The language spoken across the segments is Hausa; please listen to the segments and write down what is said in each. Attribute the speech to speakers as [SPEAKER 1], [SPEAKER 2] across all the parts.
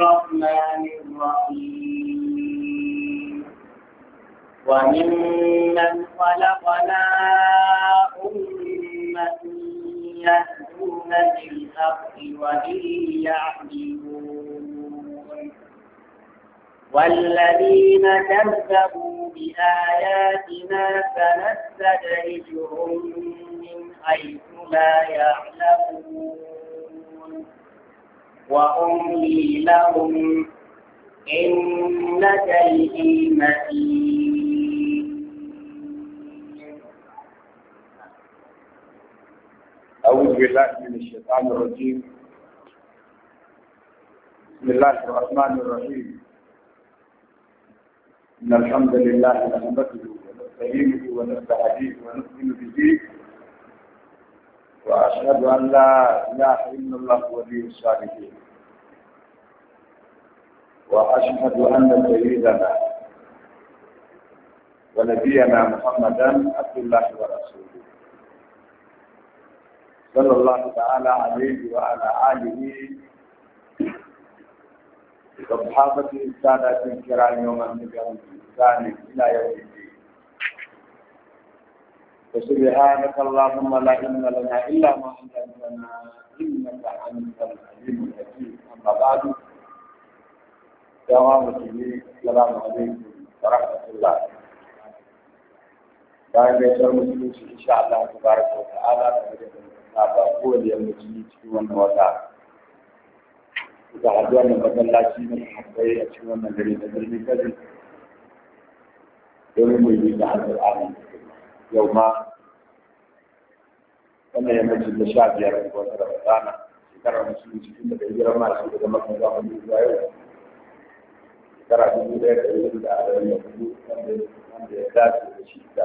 [SPEAKER 1] الرحمن الرحيم وممن خلقنا أمة يهدون بالحق وبه يعدلون والذين كذبوا بآياتنا سنستدرجهم من حيث لا يعلمون وأملي لهم إن كيدي متين
[SPEAKER 2] أعوذ بالله من الشيطان الرجيم بسم الله الرحمن الرحيم إن الحمد لله نحمده ونستعينه ونستهديه ونؤمن به وأشهد أن لا إله إلا الله ولي الصالحين وأشهد أن سيدنا ونبينا محمدا عبد الله ورسوله صلى الله تعالى عليه وعلى آله وصحابته السادة الكرام يوم تبعهم الثاني إلى يوم الدين فسبحانك اللهم لا علم لنا إلا ما علمتنا إنك أنت العليم الحكيم أما بعد السلام عليكم ورحمة الله بعد ما يشعر مجلس إن شاء الله تبارك وتعالى فجد المتابع هو اللي المجلس هو الموضع إذا حدوانا بدل الله سيما الحقية أتشوانا جريدة جريدة جريدة يوم مجلس عبد العالم يوم أنا يا مجلس الشعب يا رب وترى وتعالى ترى مجلس كنت بإجراء ما أشهد لما كنت أخذ shekara di ɗaya da ɗari da arba'in di hudu wanda ya dace da shi da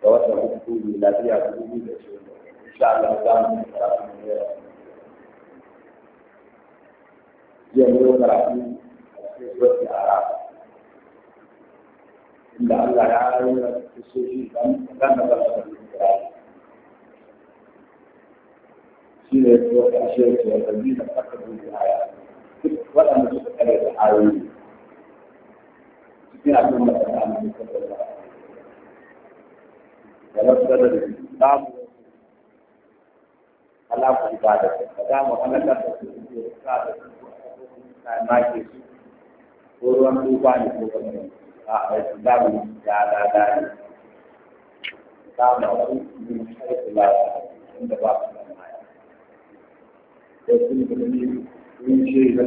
[SPEAKER 2] di watan hudu mai lafiya dubu biyu da shi insha Allah za mu karatu ne jiya ne yau karatu a cikin wata yara inda Allah ya yi wa kusoshi dan dan da ba su da shi ne ko ƙarshe ke da bi da aka dubi aya duk waɗanda suka kare da ayoyi cikin abin da ta amince da wasu da babu alaƙa ibada da za mu halaka da su da sa da su a maki su ko ruwan duba ne ko kuma a aiki da mu da da da ne za mu su mun haifu lafiya inda ba su da maya. min ce da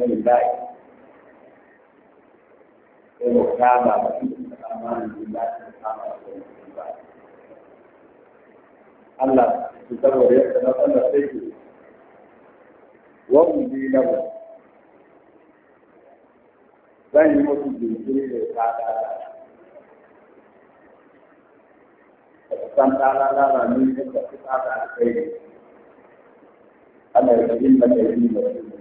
[SPEAKER 2] ke ko ka ba ba ki ta ma ni da ta ta Allah ki ta wa ya ta ta sai ki wa mu ni na ba dan yi mutu da ke da ta ta Santa-lalala ne ya kafa ta da kai, ana yi da yin da ya yi da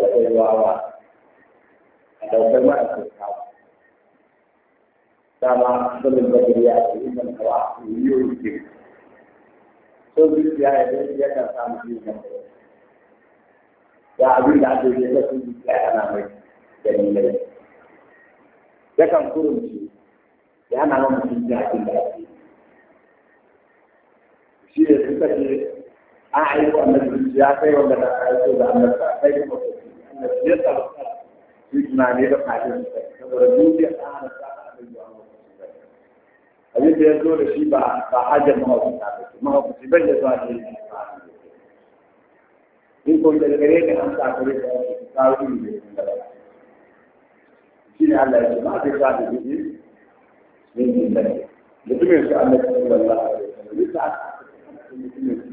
[SPEAKER 2] ɗaukar wawa a ɗaukar ma'aikata dama sunan bagiriya a cikin mantawa a yiwu so zuciya ya zai ya kan samu ya abin ake yi na sun zuciya yana mai kan kurunci ya ya abin da ake shi ne suka ce an aiko annabi ya kai wanda na aiko da annabi sai ya tsaro da fadin da ya zo da shi ba ba hajjar mahaukuta ba ce mahaukuci bai da zuwa in gare an sa kare da wani kawo da shi ne Allah ya ce ma zai sa da da ne mutumin su Allah ya ce sa mutumin su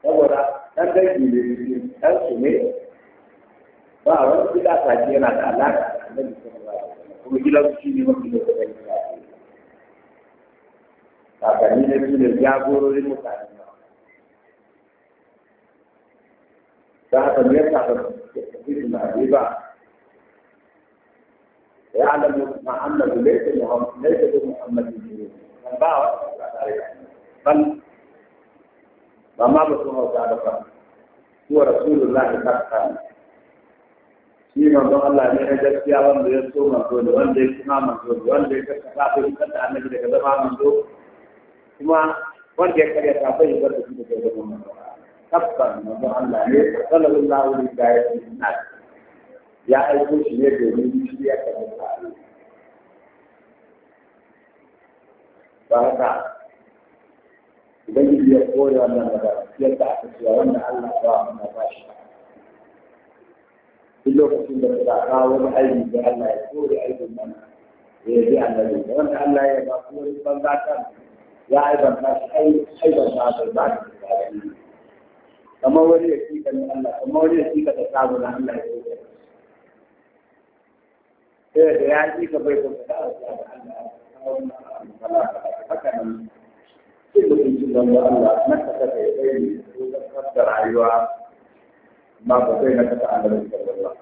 [SPEAKER 2] saboda ɗan ɗan ba a wani gida ta ce yana da alaƙa da annabi sallallahu alaihi wasallam kuma gidan su ne mafi da kai kakanni na biyu ne jagororin mutane da haka ne yasa ba su na ba يعلم مع أنه ليس ليس بمحمد الباعث بل وما shi manzon Allah ne na gaskiya wanda ya so manzo da wanda ya kuma manzo da wanda ya kasa kafin kasa annabi daga zama manzo kuma wanda ya karya kafin ya bar da shi daga zama manzo tabbas manzon Allah ne sallallahu alaihi wa sallam ya aiko shi ne domin shi ya karya ba haka idan ya koya wannan da ba yadda aka cewa wannan Allah ba mu na ba shi في لوقت الدكتور ولا أي بأن لا يكون أي من يجي أن لا يكون أن لا يكون الصلاة يا أيضا ناس أي أيضا ناس بعد كما ولي يكيك من الله كما ولي يكيك تتعامل أن لا يكون إيه يا أيديك بيكون تتعامل أن لا يكون هكذا كل من جل الله نكتب يديه وتقدر عيوه ما الله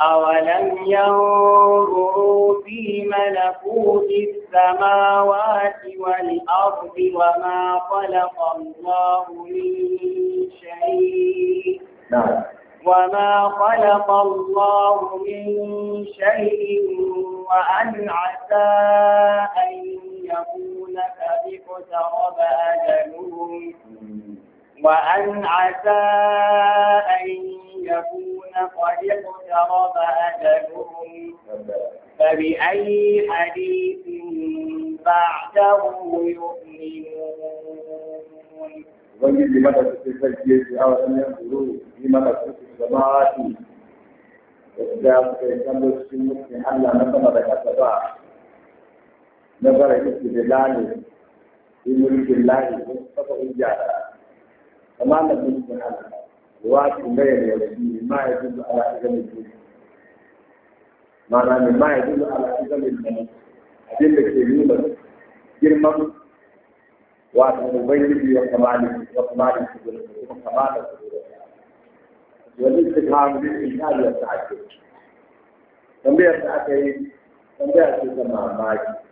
[SPEAKER 1] أولم ينظروا في ملكوت السماوات والأرض وما خلق الله من شيء نعم. وما خلق الله من شيء وأن عسى أن يكون قد اقترب اجلهم وان عسى ان يكون قد اقترب اجلهم فباي حديث بعده يؤمنون
[SPEAKER 2] وَمِنْ لِمَا تَسْتَفَجِّيَتِ في يَنْظُرُوا لِمَا تَسْتَفِي السَّمَاوَاتِ وَإِذَا كَانَ الشَّمْسُ مُسْلِمًا لَمَا تَمَرَّ كَسَبَا نَظَرَ إِلَى اللَّهِ في ملك الله مصطفى إجارة تمام المسلم على رواية الليل والدين ما يدل على حجم الدين معنى ما يدل على حجم المنصب أدلة كريمة جرما وأن أبين وكمال وكمال الكبير وكمال الكبير والاستفهام بالإنسان والتعجب تنبيه الساعتين تنبيه الساعتين مع ماجد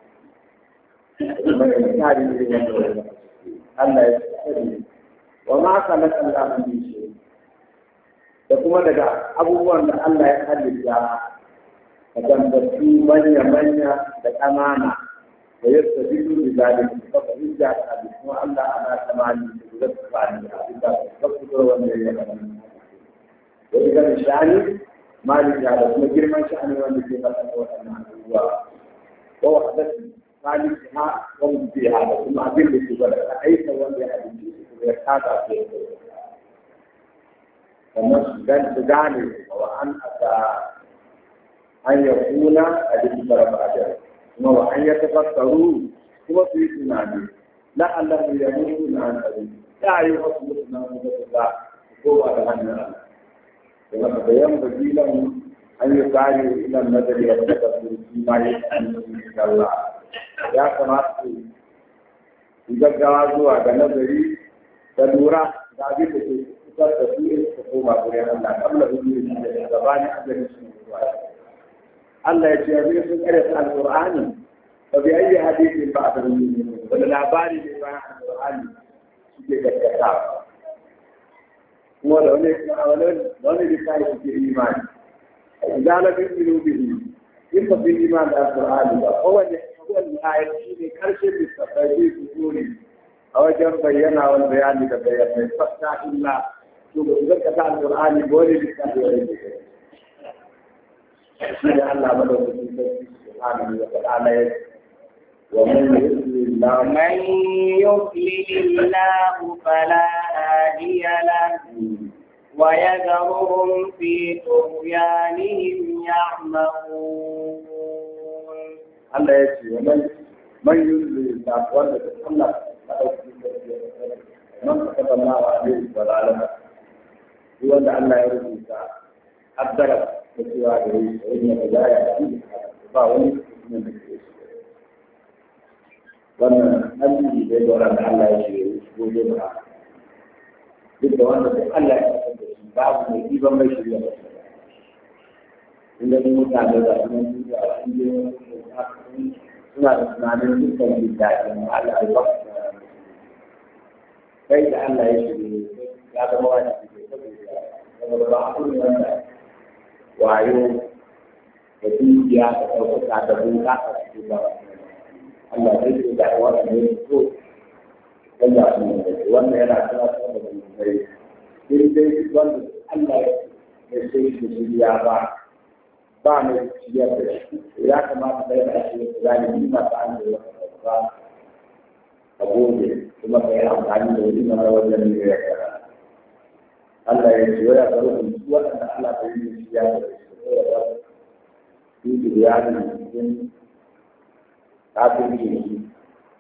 [SPEAKER 2] Allah ya tsare wa ma khalaqa al-amra da kuma daga abubuwan da Allah ya halitta da gambatu manya manya da ƙanana da yadda bidu da zalimi da kuma hijja da kuma Allah ana tsamani da gudanar da a da abin da ta fito wanda ya yi da ita da shani malika da kuma girman shani wanda ke fasa waɗannan abubuwa wa wahdati ثالثها ومنتهاها ثم أدلة الولد أيضا ولها ويرتاض في ومسجد بذلك وأن أتى أن يكون أدلة طلب أجل وأن يتفكروا هو في إيمانه لعلهم يموتون عن أبيه لا يحصلون من الله هو أدهن ولقد ينبغي لهم أن يسعوا إلى النذر والتدبر فيما يسألون من الله ya kamata su gaggawa zuwa ga nazari da lura da abin da ke fitar da su in su koma gurin Allah kamar da zuwa da gabanin azalin su zuwa Allah ya ce yanzu sun karyata alƙur'ani ba bi ayi hadisin ba a da rubutu wani labari ne bayan alƙur'ani suke gaskata kuma da wani wani da wani littafi suke imani idan la bi bihi in ba bi imani da alƙur'ani ba kowanne wani ayar shi ne karshen littattafai su zuri a wajen bayyana wani bayani da bayan mai fasta illa to ba su zaka ta alƙur'ani ba wani littafi wani ne shi ne Allah madaukakin sarki subhanahu wa ta'ala ya
[SPEAKER 1] ومن يضلل الله فلا هادي له ويذرهم في طغيانهم يعمهون Allah ya ce
[SPEAKER 2] wa man man yuzli da wanda da Allah ta dauki man ka tabbana wa alaihi wa alama duk wanda Allah ya rubuta addara da cewa da yi da yin da ya yi ba wani mutum da ke shi wannan aiki da dora da Allah ya ce gobe ba duk da wanda da Allah ya tabbata babu mai ɗiban mai shirya inda mutane da kuma duniya a cikin ما ما من مثل ذلك على الوقت كيف أن لا يشري هذا ما يشري وعيون يتيجي هذا الوقت هذا من داخل في الله أما كيف دعوات من الوقت كلا من الوقت وأن يرى كلا من الوقت كيف يجب أن لا يشري هذا ba mai ciyar da shi ya kamata kai da shi zalimi masu an da ba a gobe kuma kai amfani da wani mara wajen ne ya kara Allah ya ce waya baro ku su waɗanda Allah bai yi ciyar da shi ko ya ba su da ya ne cikin kafin shi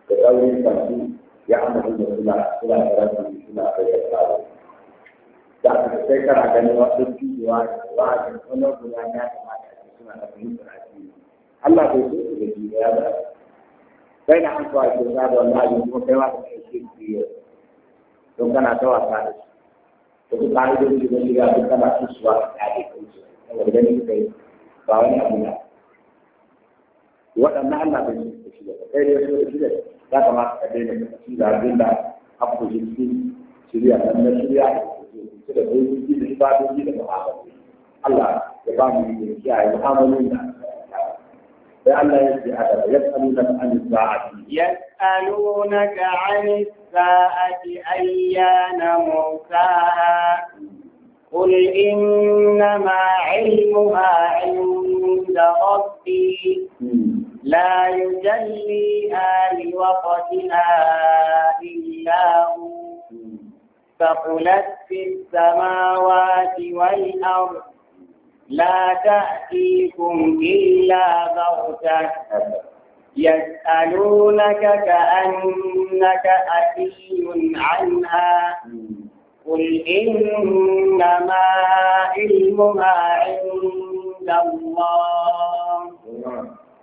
[SPEAKER 2] da tsaurin kansu ya amfani da suna suna da rasu suna da ya tsaro da aka sai kana ganin wasu cikiwa da wa'azin wani guda ya kamata suna da fahimtar addini Allah bai so duniya ba kai na an kawai kyauta da wallahi kuma kai ma ka kai shi biyu don kana ta wasa da shi ku da duk kana su suwa ka kai ba wani abu Allah bai so su kai da so da ya kamata ka daina ka ci da abin da aka shirya na shirya da da da da يقام بالإشياء يحاولون لأن لا يسألونك عن الساعة
[SPEAKER 1] يسألونك عن الساعة أيان مرساها قل إنما علمها عند ربي لا يجليها لوقتها إلا هو ثقلت في السماوات والأرض لا تأتيكم إلا بغتة يسألونك كأنك أتي عنها قل إنما علمها عند الله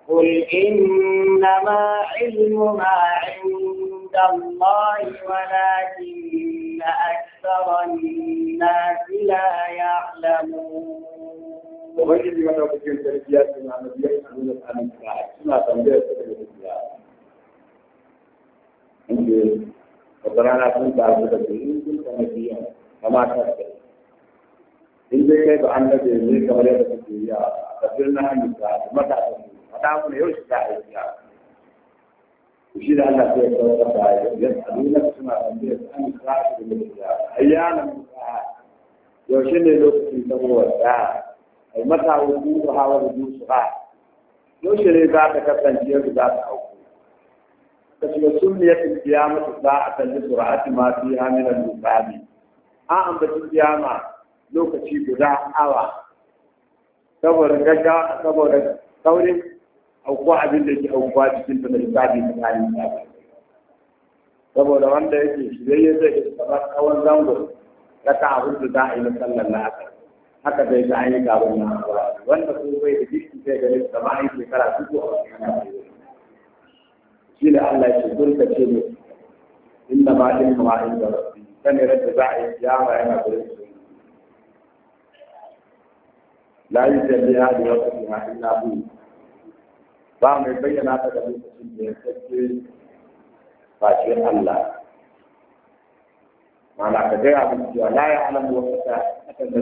[SPEAKER 1] قل إنما علمها عند الله ولكن أكثر الناس لا يعلمون
[SPEAKER 2] ubangiji wanda kuke sarki ya na nabi ya ce na tsanin ka suna tambayar su da gaskiya inda wata rana sun taru da su in kun san kamata ka in dai kai ba an nabi ne kamar yadda kuke yi a tafiyar na hannun ka matasa ne mata kuma yau shi za a yi ya shi da Allah sai ya kawo da ya tsaluna suna tambayar su an ka da gaskiya mu ka yaushe ne lokacin sabuwar ta? ai mata wudu da hawa wudu su ha yaushe ne za ta kasance yadda za ta auku kashi sunniyat za a kalli sur'ati ma fi min al-musabi a ambaci ma lokaci guda awa saboda gaga saboda saurin aukuwa abin da ke aukuwa cikin da lissafi na kayan lissafi saboda wanda yake shirye zai yi kamar tsawon zango na ta abin da za a yi na sallar na'akar haka zai ta ainihin gaban na wanda ko bai da jikin zai gare da mani shekara dubu a wasu yana shi da Allah ya ce kun ka ce mu inda ma din ma in da rabbi sanin da za a yi kiyama yana gurin su la yi jalli ya da wasu kuma illa bu ba mai bayyana ta da lokacin da ya sace fashe Allah ma'ana ka gaya mun cewa la ya alamu wata ta ta da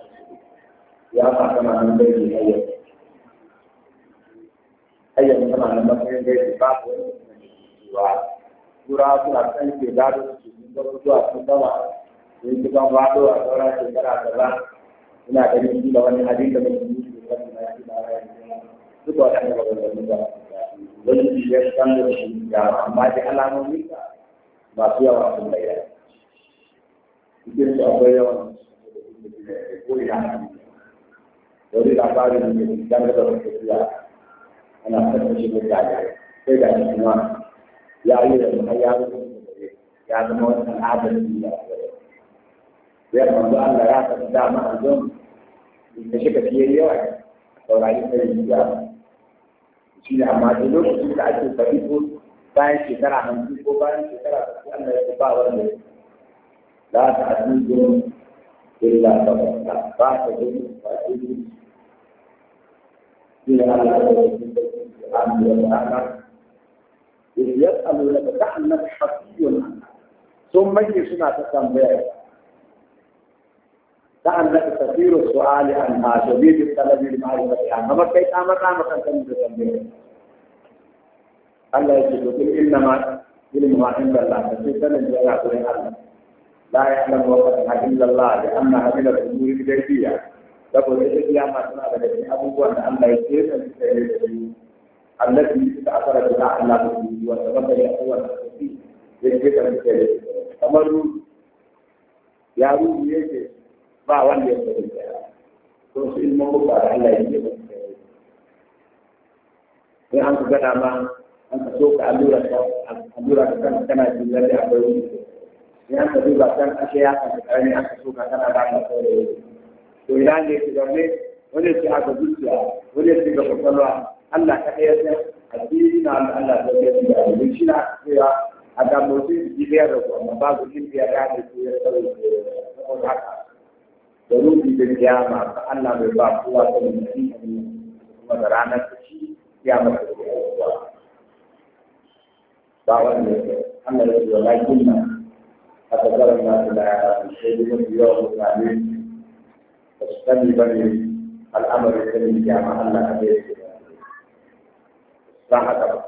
[SPEAKER 2] ya sakana nan ayat ayat hayya hayya mun tana wani labari ne mai dangane da wata tafiya ana tattace mutane sai da shi kuma ya yi da har ya zo ya zama wata adalci da ya manzo Allah ya tafi da ma'azin da shi ka fiye yawa saurari sai ya shi ne amma duk lokacin da ake fari ko bayan shekara hamsin ko bayan shekara ko Allah ya ba wanda la ta'tudu illa sabata ba ta gudu ba ta gudu إذ يسألونك تحنك حفي عنها ثم يجي سنة تتنبيه لأنك كثير السؤال عنها شديد الطلب لمعرفة عنها ما كيف أمر أمر أن تنبيه الله يقول إنما علمها عند الله فسيدا من لا يعلم الله لا يعلم وقتها إلا الله لأنها من الأمور الغيبية saboda ita kiyama tana daga cikin abubuwan da Allah ya da ya yi annabi da aka rabu Allah da su wanda wanda ya yi wannan kafi ya ce ka su da kamar ru ya ru ya ce ba wanda ya ce da to su ilmin ko ba da Allah ya ce ba sai an ka gada ma an ka so ka allura ta allura ka kan kana jin lalle akwai wani sai ka duba kan ashe ya ka karami an ka so ka kana ba ka to ina ne ki zaune wani aka zuciya wani ce ga kwakwalwa Allah ka ɗaya sai addini na Allah da ya ci da shi na cewa a da mutum ji biyar da kuma babu shi biyar ya ne ko ya sauye saboda haka da rubi da kiyama ka Allah bai ba kowa ta mutum kuma da ranar ta ci kiyama ta kowa ba wanda ya Allah ya ce wa lakin nan a tsakarar nasu da ya rasu sai da mutane sani ba ne al'amarin sanin kyama Allah a bai su ba haka ba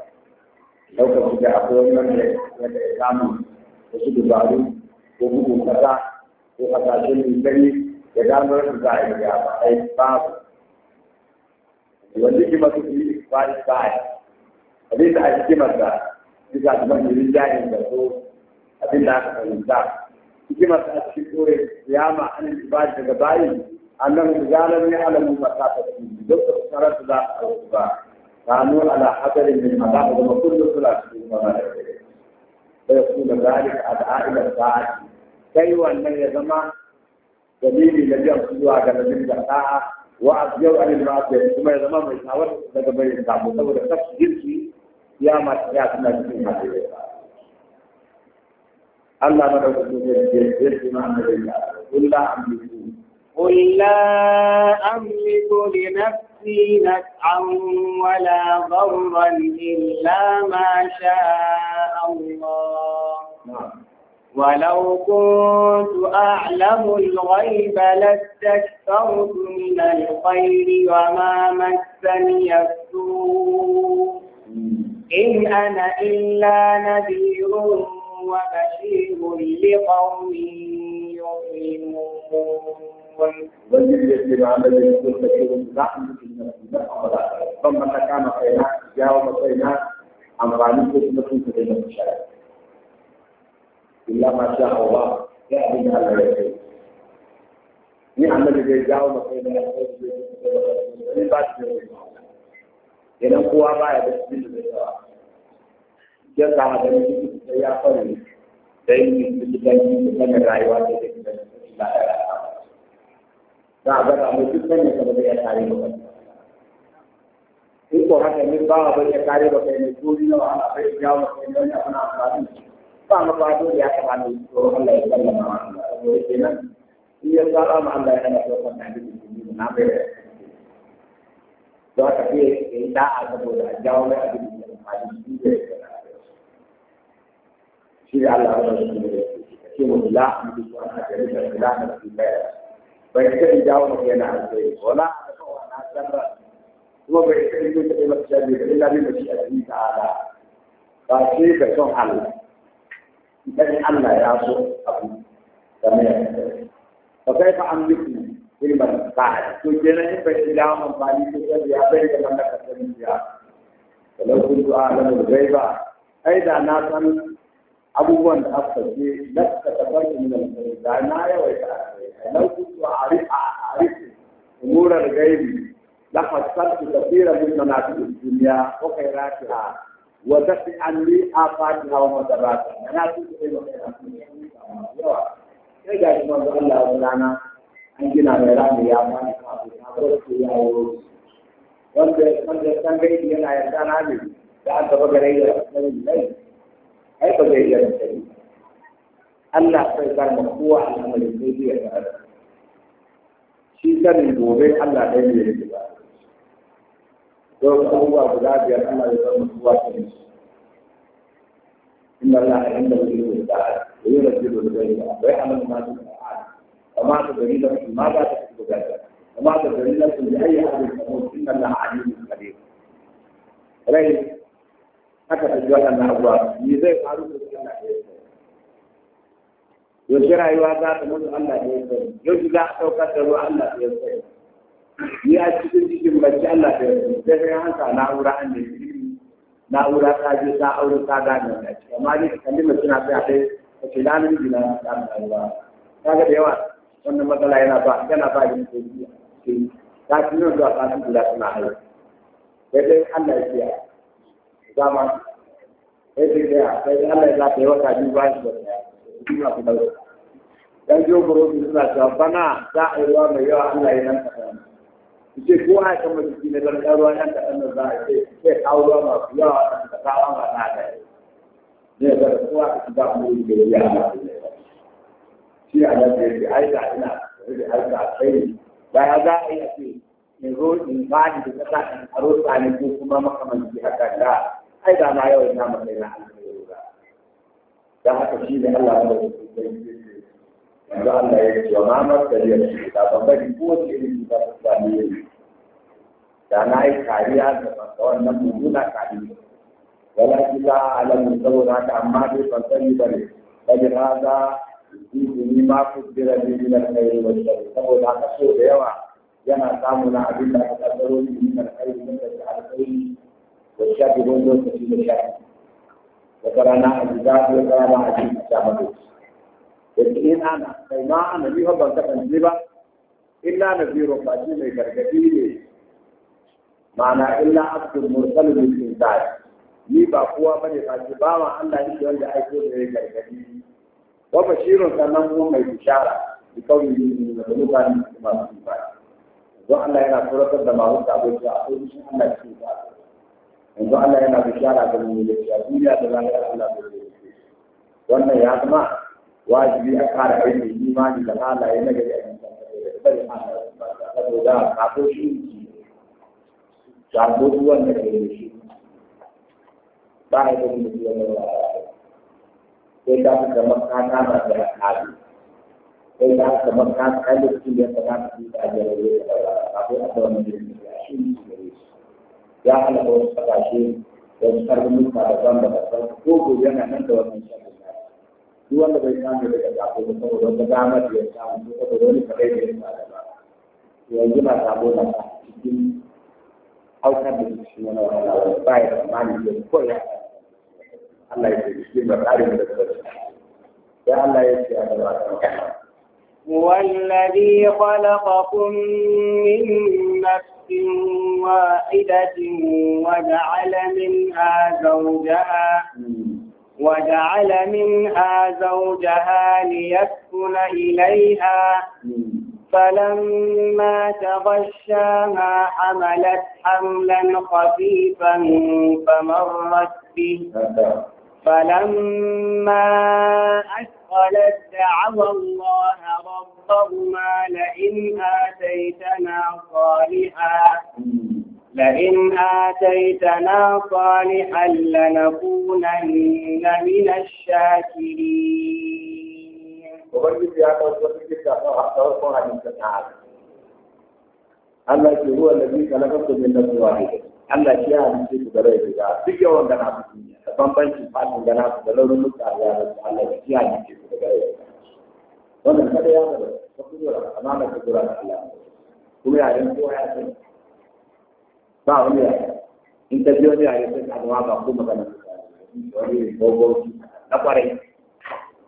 [SPEAKER 2] ɗaukar su da akwai wani wanda ya samu wasu dubaru ko bugun kasa ko kasashen ninkari ya gano su za a yi ya ba a yi babu wanda kima su yi ba a ba a yi abin da a yi kima sa bisa da mafi jayin da so abin da aka fahimta hikimar ta a cikin kore kiyama an yi ba daga bayin annabi da zalar ne ala mun duk da sarar da za a karu ba ta nu ala hadarin min ma ba ba da da su da zalika ad a'ila ta'ati kai ya zama dalili na jiya zuwa ga nabi da ta'a wa abjau alil ba'd kuma ya zama mai tawar daga bayin ta mu saboda tafsir shi ya ma ya tana cikin hadisi Allah madaukakin da ke jirgin annabi Allah kullu amin
[SPEAKER 1] قل لا أملك لنفسي نفعا ولا ضرا إلا ما شاء الله نعم. ولو كنت أعلم الغيب لاستكثرت من الخير وما مسني السوء إن أنا إلا نذير وبشير لقوم يؤمنون Ya
[SPEAKER 2] ƙwari da yin da rayuwa da ke da za a gaba mai duk sanin ba zai iya kare ba in ko haka ne ba a bai iya kare ba kai ne ko ni na wahala bai iya wa kai ne wani abu na amfani ba mu ba dole ya kama ne to Allah ya sallama wa Allah to kenan in ya saba ma Allah ya ko kan da ni na bai don haka sai ya yi da'a saboda a jawo mai abin da amfani Allah da bai ta in jawo mu yana alheri wala ta wala sarra kuma bai ta in ta yi masa sharri da illa bi mashi a cikin ba sai ka ya so abu da mai fa kaifa amliku ilman ba'd to kenan in bai jawo mu ba ya bai da ya ولو كنت أعلم abubuwan da aka je lakka ta farko min al-ghaib da na yawaita lau kuntu a'rifa a'rifu umur al-ghaib la fasaltu kathira min manaqib ad-dunya wa khairatiha wa tafi anni afatiha wa madarata ana tuku ila yawa sai ga kuma Allah wa lana
[SPEAKER 1] an gina mai rami ya a kafin
[SPEAKER 2] ya farko ya yi wanda wanda san gaibi yana yarda na ne da aka baga rai da rai ai ba zai iya mutane Allah sai zar ma kowa al'amari sai zai ya tsara shi sanin gobe Allah ɗaya ne ya ba don abubuwa guda biyar Allah ya zama kowa ta ne إن الله عنده علم الساعة وينزل الغيب ويعلم ما في الأرحام وما تدري نفس ماذا تكتب غدا وما تدري نفس بأي أرض تموت إن الله عليم خبير. aka ɗauki waɗannan abuwa Ni zai faru da su Allah ya sani yaushe rayuwa za ta mutu Allah ya sani yaushe za a ɗaukar da ruwa Allah ya sani ni a cikin cikin bacci Allah ya sani sai kai hanka na'ura an da shi na'ura ta je ta aure ta gane ta ce amma dai kalmar suna tsaya dai ta ce na namiji na ta rayuwa kaga da yawa wannan matsala yana ba yana ba ni ko ta ci nan zuwa ta ci guda suna haihuwa sai dai Allah ya kiyaye zama ya ce da ya sai Allah biyu ba shi da suna ku dauro dan jiyo burobi suna cewa bana za a yi ruwa mai yawa Allah ya nan kaɗan su ce ko a kan mafi ne don ɗan nan kaɗan da za a ce sai kawo ruwa ya zara kowa a cikin mu yi da ya ma shi a nan da ya ce da za a ce in zo in kuma da ai da ya yawan na mai na alƙawari dan haka shi ne Allah ya yi yanzu Allah ya ce wa ma ya shi da ban bari ko ce ne ba ta sami yi da na yi kariya da fasa wannan mummuna kariya wala kila alamu saboda haka amma dai ban sani ba ne bajin haza ni ma kuddira ne min alkhairi wa sharri saboda ka so da yawa yana samu na abin da aka kaddaro ni min alkhairi da alkhairi da shafi wani lokaci da shafi wata rana a ji zafi wata rana a cikin a mako da ke in ana kai ma ana bi ban kasance ba illa na biro fashi mai gargadi ne ma'ana illa abdul mursalu bil insani ni ba kowa bane ba ce ba ma Allah yake wanda aiko da ya gargadi wa bashirun sannan kuma mai bishara bi kauli da mutane masu imani don Allah yana tsoratar da mahu da abokin a cikin Allah cikin ba yanzu Allah yana bishara ga mu da cewa duniya da lahira Allah bai yi wannan ya zama wajibi a kara aiki imani da halaye na gari a cikin saboda kafin shi jago ruwan da ke da shi ba ya da mutu wani ba sai ta fi kamar ka kama da rakali sai ta fi kamar ka kalli su ya kamata su ta jarabe da kafin a da wani jirgin shi ya halaka wasu kasashe da wasu karnuka daban da daban ko yana nan da wannan shan duk wanda bai samu daga zaɓe ba saboda wata dama da ya samu ko saboda wani kadai da ya samu ba yanzu na samu na cikin haukar da cikin wani wani wani ba ya tsammani da koya Allah ya ce cikin ba tsarin da ta ya Allah ya ce a gaba ta magana.
[SPEAKER 1] والذي خلقكم من نفس رأس واحدة وجعل منها زوجها وجعل منها زوجها ليسكن إليها فلما تغشاها حملت حملا خفيفا فمرت به فلما أسلمت قالت دعوى الله ربهما لئن آتيتنا صالحا لئن آتيتنا صالحا لنكونن من الشاكرين.
[SPEAKER 2] الله هو الذي خلقكم من نفس واحده. الله يا da bambancin fatin gana da launin da ya Allah ya kiyaye ke ku daga yau wannan kada ya zama ta kudura amana ta kudura da Allah kuma ya yin kowa ya sani ba wani ya in ta biyo ya yi sai ka ba ko magana wani gogo na kwarai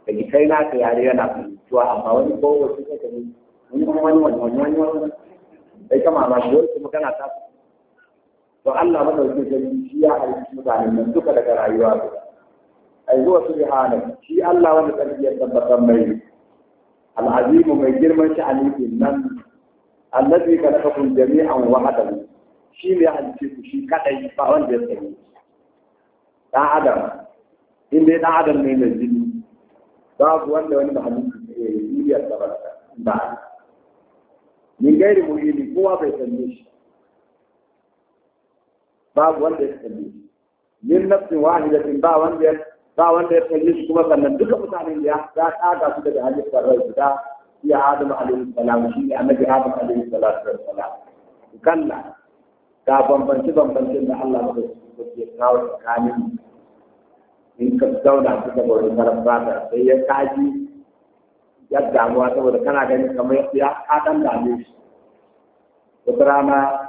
[SPEAKER 2] da ki kai na ka yare yana fahimtuwa amma wani gogo ka gani wani wani wani wani wani wani wani wani wani wani wani wani wani to Allah madauki sarki shi ya halitta mutanen nan duka daga rayuwa su ai zuwa subhanahu shi Allah wanda sarki ya tabbatar mai al'azimu mai girman shi sha'ani nan allazi khalaqakum jami'an wahdahu shi ne halitta ku shi kadai ba wanda ya sani dan adam in dai dan adam ne da jini babu wanda wani mahalicci ne ya yi ya da ba ni gairi mu'ini kowa bai sanye shi babu wanda ya kalle shi min nafsin wahidatin ba wanda ba wanda ya kalle shi kuma sannan duka mutanen da ya tsaga su daga halittar rai guda ya Adam alaihi salam shi ne annabi Adam alaihi salatu wassalam kalla ga bambance bambancin da Allah ya ke kawo tsakanin in ka zauna su ga bautar karan fata sai ya kaji ya damuwa saboda kana ganin kamar ya kaɗan dame shi wata rana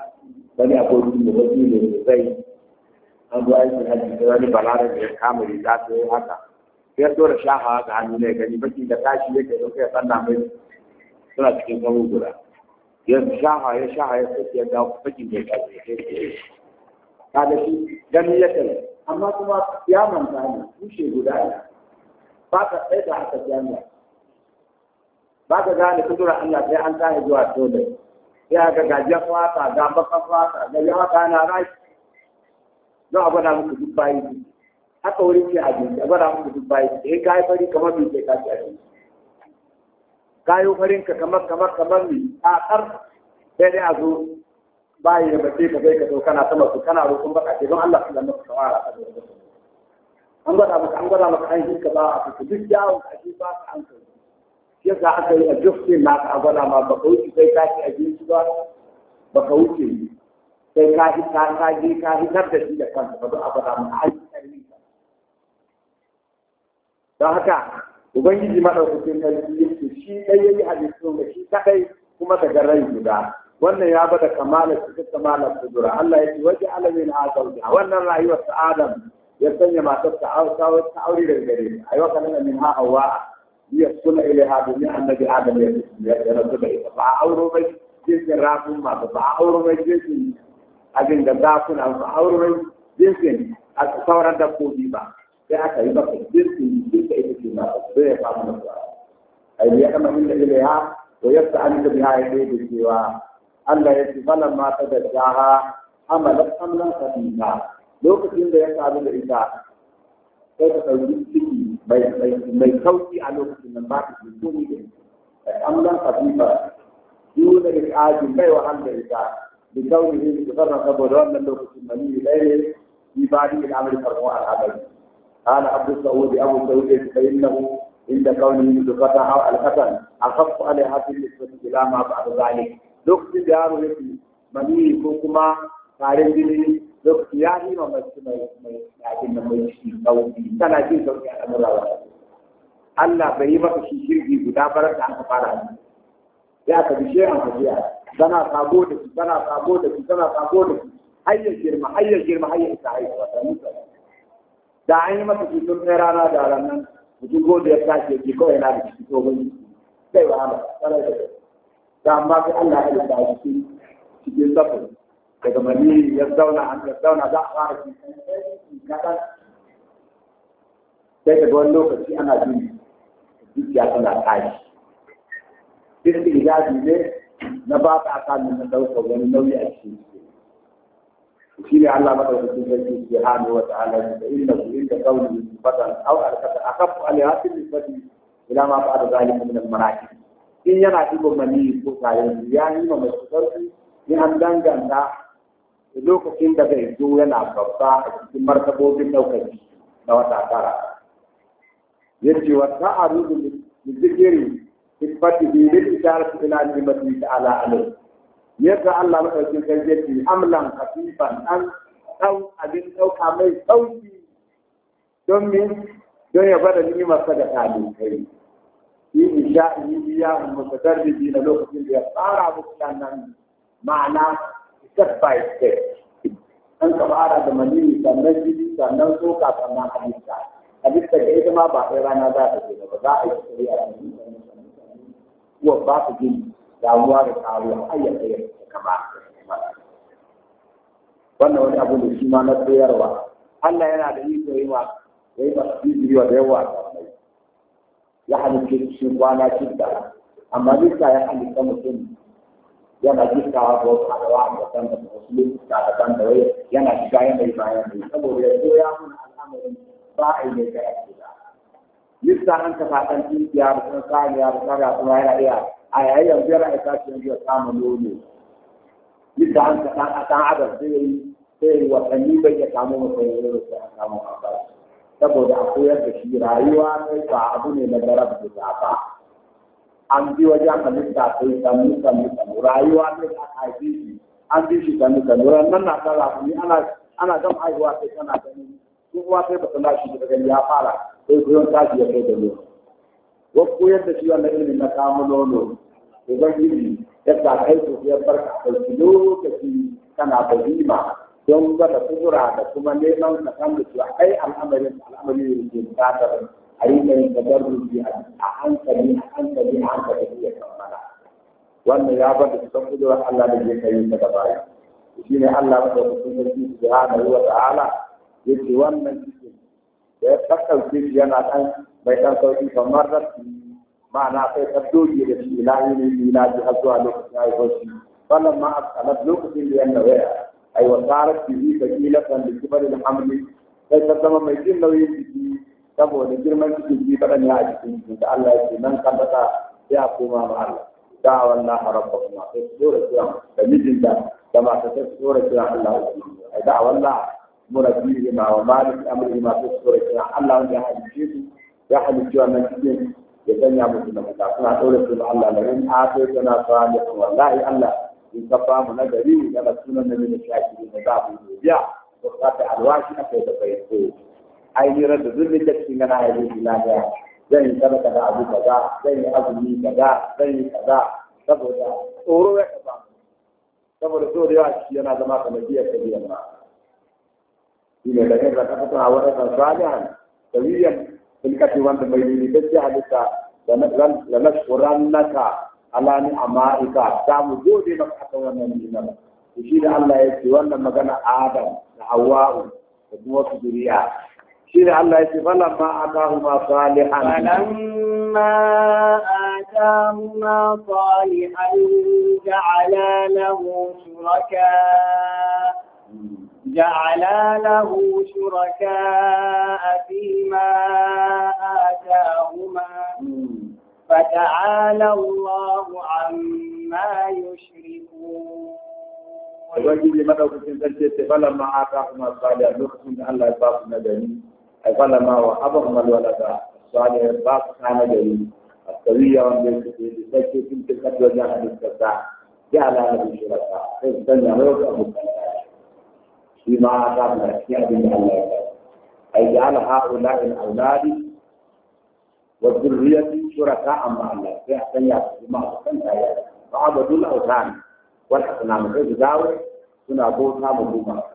[SPEAKER 2] wani akwai da wasu ne sosai an zo aikin hajji sai wani balarar da ya kama za su yi haka sai ya dora shahawa ga hannu ne gani baki da tashi yake don kai sanna mai suna cikin sauro guda ya shahawa ya shahawa ya sai ya baki da ya kai ka da shi gani ya kai amma kuma ya manta ne tushe guda ne ba ka tsaye da haka jami'a ba ka gane kudura Allah sai an tashi zuwa dole ya ga gajiyar fata ga bakan fata ga yawa kana rai za a gwada muku duk bayi haka wurin ce a abinci a gwada muku duk bayi da eh, ya kayi fari kamar bai ke kashi abinci kayo farin ka kamar kamar kamar ni a kar sai dai a zo bayi da bace ka kai ka zo kana sama su kana roƙon baka ce don Allah ka zama ka kawara an gwada maka an gwada maka an shi ka ba a duk yawon ka shi ba ka an kai yasa aka yi a jufte na ka gwada ma ba ka wuce sai ka a abinci ba ba ka wuce sai ka ta kaji ka je ka da shi da kanta ba don a ma a yi karni don haka ubangiji ta yi yake shi ɗaya ya yi halittu da shi kaɗai kuma daga rai guda wannan ya bada kamala ka kamala zura Allah ya ce waje alamin a wannan rayuwar ta Adam ya sanya matar ta aure da gare ka ayyukan min ha hawa'a ليسكن إليها بني النبي آدم يرسل إليها فأعور من جنس راكم ما فأعور من جنس أجن دباكم أو فأعور من جنس أتصور أن تقودي با فأكا يبقى جنس جنس إليك ما فأعور من جنس أي ليحمل إليها ويستعنك بها إليه بالسواء Allah ya ce falan ma ta da jaha amalat amlan khabisa lokacin da ya sadu da ita sai ka ɗauki ciki mai sauki a lokacin nan ba ka ce komi da da amlan kafifa dole da ƙajin bai wahala da ita da kauni ne da sarrafa saboda wannan lokacin mani da ɗaya في بعض العمل فرقوا العمل قال عبد السعود A سعود فانه عند كونه لقطع او القتل اخف عليها في النسبه الى da بعد ذلك لقد جاره ko kuma كما قارن lokaci ya yi ma mace mai mai abin da mai shi sauki tana jin sauki a lamurawa Allah bai yi maka shi shirgi guda barar da aka fara ya ka bishe an hajiya tana sabo da shi tana sabo da shi tana sabo da shi har girma hayyar ya girma har ya isa haihuwa da an yi masa shi sun ɗaya rana da ranar mutum gode ya tashi ya ke kawai yana da ciki ko gani sai wahala tsarar da ta amma sai Allah ya da shi cikin safari daga mani ya zauna ya zauna za a fara jiki kaɗan sai daga wani lokaci ana jini zuciya tana tashi duk idaji ne na ba ta akamin na ɗaukar wani nauyi a cikin su shi ne Allah madaukakin sarki ke hannu wa ta'ala ne da inda ku inda kauli fatan au alkata akafu alhatin nisbati ila ma ba da zalika min al in yana dubon mani ko kayan ya yi ma mai sarki ni an danganta lokacin da bai zo yana babba a cikin martabobin ɗaukaki na wata tara yace wa ta'arudu bi zikri sifati bi lil isharati ila ta ala, alayhi yadda Allah kan sarki yi amlan khafifan an dau abin ɗauka mai sauki don min don ya bada ni'imar sa da talibai yi isha'i ya mutadarriji na lokacin da ya fara musu nan ma'ana step by step an ka da manini sannan jini sannan soka sannan halitta halitta da ita ma ba sai rana za ta gina ba za a yi tsari a cikin kuwa ba su gini damuwa da karuwa ayyaka yadda kama wannan wani abu da shi ma na tsayarwa Allah yana da iko yi ma ya yi masu da yawa a ya halitta shi kwana shidda amma nisa ya halitta mutum yana gistawa ko wasu adawa a kasan da musulun da kasan da wai yana shiga yanayi bayan mai saboda ya zo ya mun al'amarin ba a yi mai ga yake lissa an ka faɗan tunkiya da kuma saniya da sarra kuma yana iya a yayin yanzu yana iya tashi ya samu nono lissa an ka ɗan ɗan adam zai sai yi watanni bai ya samu mutum ya su sai an samu a saboda a koyar da shi rayuwa ne ba abu ne na garab da ba an bi wajen halitta sai sannu sannu sannu rayuwa sai aka haife shi an bi shi sannu sannu nan na ta rafuni ana ana gama haihuwa sai tana ganin su Kuma sai ba ta lashi da gani ya fara sai kuyon tashi ya kai da nono wasu koyar da shi wannan ilimin na samu nono ubangiji ya sa kai su ya barka a ɗauki lokaci kana bazima don gwada kubura da kuma neman na san da cewa kai al'amarin al'amarin da ke bukatar a rika yin tabarruki a hankali a hankali a hankali ya kammala wannan ya bar da cikin kudurar Allah da zai kai ta da baya shi ne Allah da kusurin sarki subhanahu wa ta'ala yace wannan cikin da ya tsakauce shi yana dan bai dan sauki kamar rafi ma'ana sai ta doge da shi ilahi ne ilahi har zuwa lokacin haihuwar shi wannan ma a lokacin da ya nawaya ai wa tsarar fi kabila kan da kibarin hamli sai ta zama mai jin nauyin jiki saboda girman cikin ji faɗan ya a cikin ji da Allah ya ce nan kan bata ya koma ma Allah da wannan harabba kuma sai su dora kira da mijinta da mata sai su dora kira Allah ai da wannan murabbi ma wa malik amri ma sai su dora kira Allah wanda ya halice su ya halice wannan cikin ya sanya musu da mata suna dora kira Allah da in akai kana salihu wallahi Allah in ka ba mu nagari da sunan nabi da shakiri da za mu yi biya ko ka ta alwashi akai da kai ko ai ni da zulmin da cikin gana ya zai lafiya zan yi sadaka da abu kaza zan yi azumi kaza zan yi kaza saboda tsoro ya kaza saboda so da yawa shi yana zama kamar biyar ta biyar ma
[SPEAKER 1] shi ne da kanka ka fito a wata
[SPEAKER 2] salihan tawiyan tilkati wanda mai shi halitta da na tsoron naka. ala ni ama'ika ta mu gode maka akan wannan nimar shi da Allah ya ce wannan magana Adam da Hawwa'u da kuma su duniya شيء الله يقول ما آتاهما صالحا
[SPEAKER 1] فلما آتاهما صالحا جعلا له شركاء جعلا له شركاء فيما آتاهما فتعالى الله عما يشركون ubangiji
[SPEAKER 2] لماذا sarki ما آتاهما صالحا aka kuma salihan lokacin da ai falama wa abar malwalada salih ba su kana gari a tsariya wanda ya fi da sake sun fi kasuwar jan halittarsa ya alama da shirarsa sai su sanya mai wasu abokan shi ma ta na cikin abin da Allah ya kai ai ji ala ha'ula in auladi wa zurriyati shuraka amma Allah sai a sanya su ma abokan tare ba abadul autan wal asnam kai su dawo suna bauta mu kuma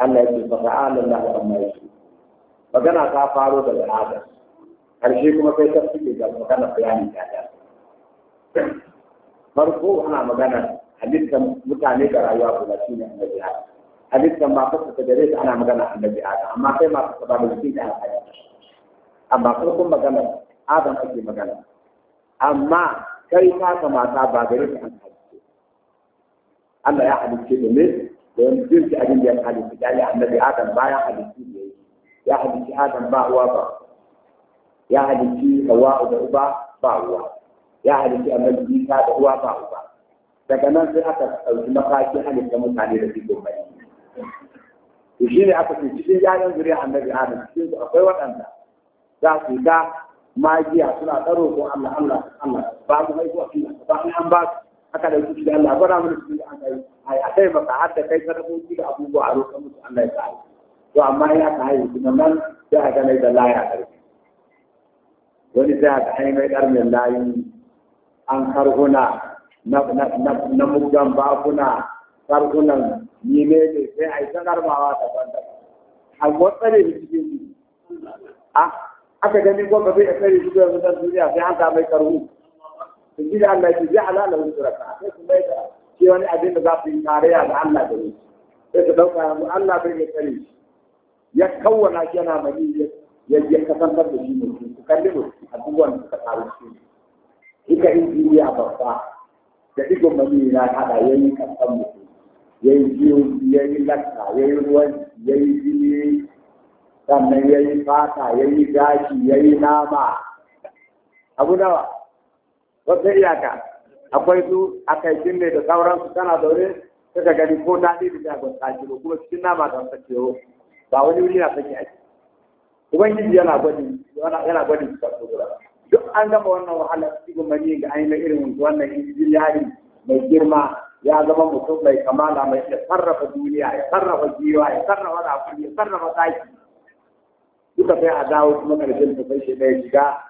[SPEAKER 2] Allah yake fa ta'ala Allah amma yake magana ta faro daga Adam karshe kuma sai ta fice da magana bayani ta da farko ana magana halittan mutane da rayuwa guda shi ne annabi Adam halittan ba fasa ta gare ana magana annabi Adam amma kai ma fasa ba da shi da alhaji amma farkon magana Adam ake magana amma kai ka kamata ba gare ka an Allah ya halicce da ne don duk abin da ya halitta ya yi annabi adam bayan halittu da ya halitti adam ba uwa ba ya halitti hawa'u da uba ba uwa ya halitti annabi isa da uwa ba uba daga nan sai aka ɗauki matakin halitta mutane da su mai to shi ne aka ce cikin yayan zuriya annabi adam cikin su akwai waɗanda za su ga magiya suna tsaro ko Allah Allah Allah ba mu haihuwa Allah ba an ba su aka da su da Allah bara mana su da Allah yi a kai maka har da kai sarafofi da abubuwa a roƙa musu Allah ya sa to amma ya ka haye kuma nan sai a ga mai da layi laya karfi wani a za ka yi mai karmin layi an karhuna na muggan bakuna karhunan yi ne ne sai a yi ta karmawa daban-daban a gwatsare da cikin a aka gani gwamnati ya tsare shi da duniya sai an samu karhu in ji da Allah ki ji halala wani suraka sai su mai da shi wani abin da za su yi tarayya da Allah da shi sai su ɗauka yanzu Allah bai ya tsare shi ya kawwana shi yana mani ya ya kasantar da shi mutum su kalli mutum a duk wanda suka taru shi ita injiniya babba da digon mani na haɗa, ya yi kasan mutum ya yi yayi ya yi lakka ya yayi ruwan yi jini sannan ya yi fata ya yayi gashi yi nama abu nawa wata iyaka akwai su a kai ne da sauransu tana zaune suka gani ko daɗi da ya gwanta ko kuma cikin nama ta sake yau ba wani wuri na sake ake ubangiji yana gwani yana gwani su kasu gura duk an gama wannan wahala cikin mani ga ainihin irin wannan injiniyari mai girma ya zama mutum mai kamala mai ya sarrafa duniya ya sarrafa jiwa ya sarrafa rakuri ya sarrafa zaki duka sai a dawo kuma karshen ta sai shi ɗaya shiga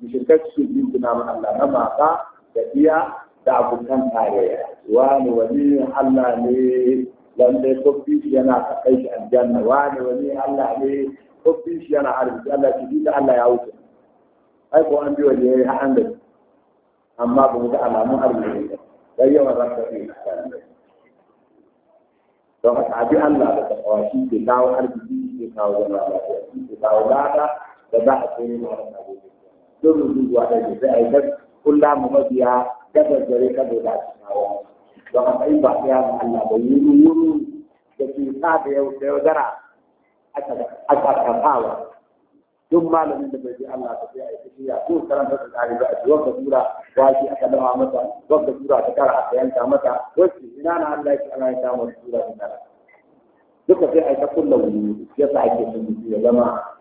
[SPEAKER 2] mushrikai su jingina ma Allah na mata da iya da abokan tarayya wani wani Allah ne lalle kofi yana ka kai shi aljanna wani wani Allah ne kofi shi yana arziki Allah shi da Allah ya wuce ai ko an biyo ne ya an da amma ba mu ga alamun arziki ba dai yawan ranka ne don haka abi Allah da takawa shi ke kawo arziki shi ke kawo zama lafiya shi ke kawo lada da za a kai mu har na gobe domin zuwa da ne sai a yi dan kulla mu mabiya daga gare ka da dace na don haka in ba ya mu Allah ba wuri
[SPEAKER 1] wuri
[SPEAKER 2] da ke sa da yau da yau yaudara a kafawa duk malamin da bai ji Allah ba sai a yi tafiya ko karanta da tsari ba a ji wanda tura waki aka dama mata wanda tura ta kara aka yanka mata wasu ina na Allah ya ce ana yanka mata tura ta kara duka sai a yi ta kulla wuri yasa ake son mutu ya zama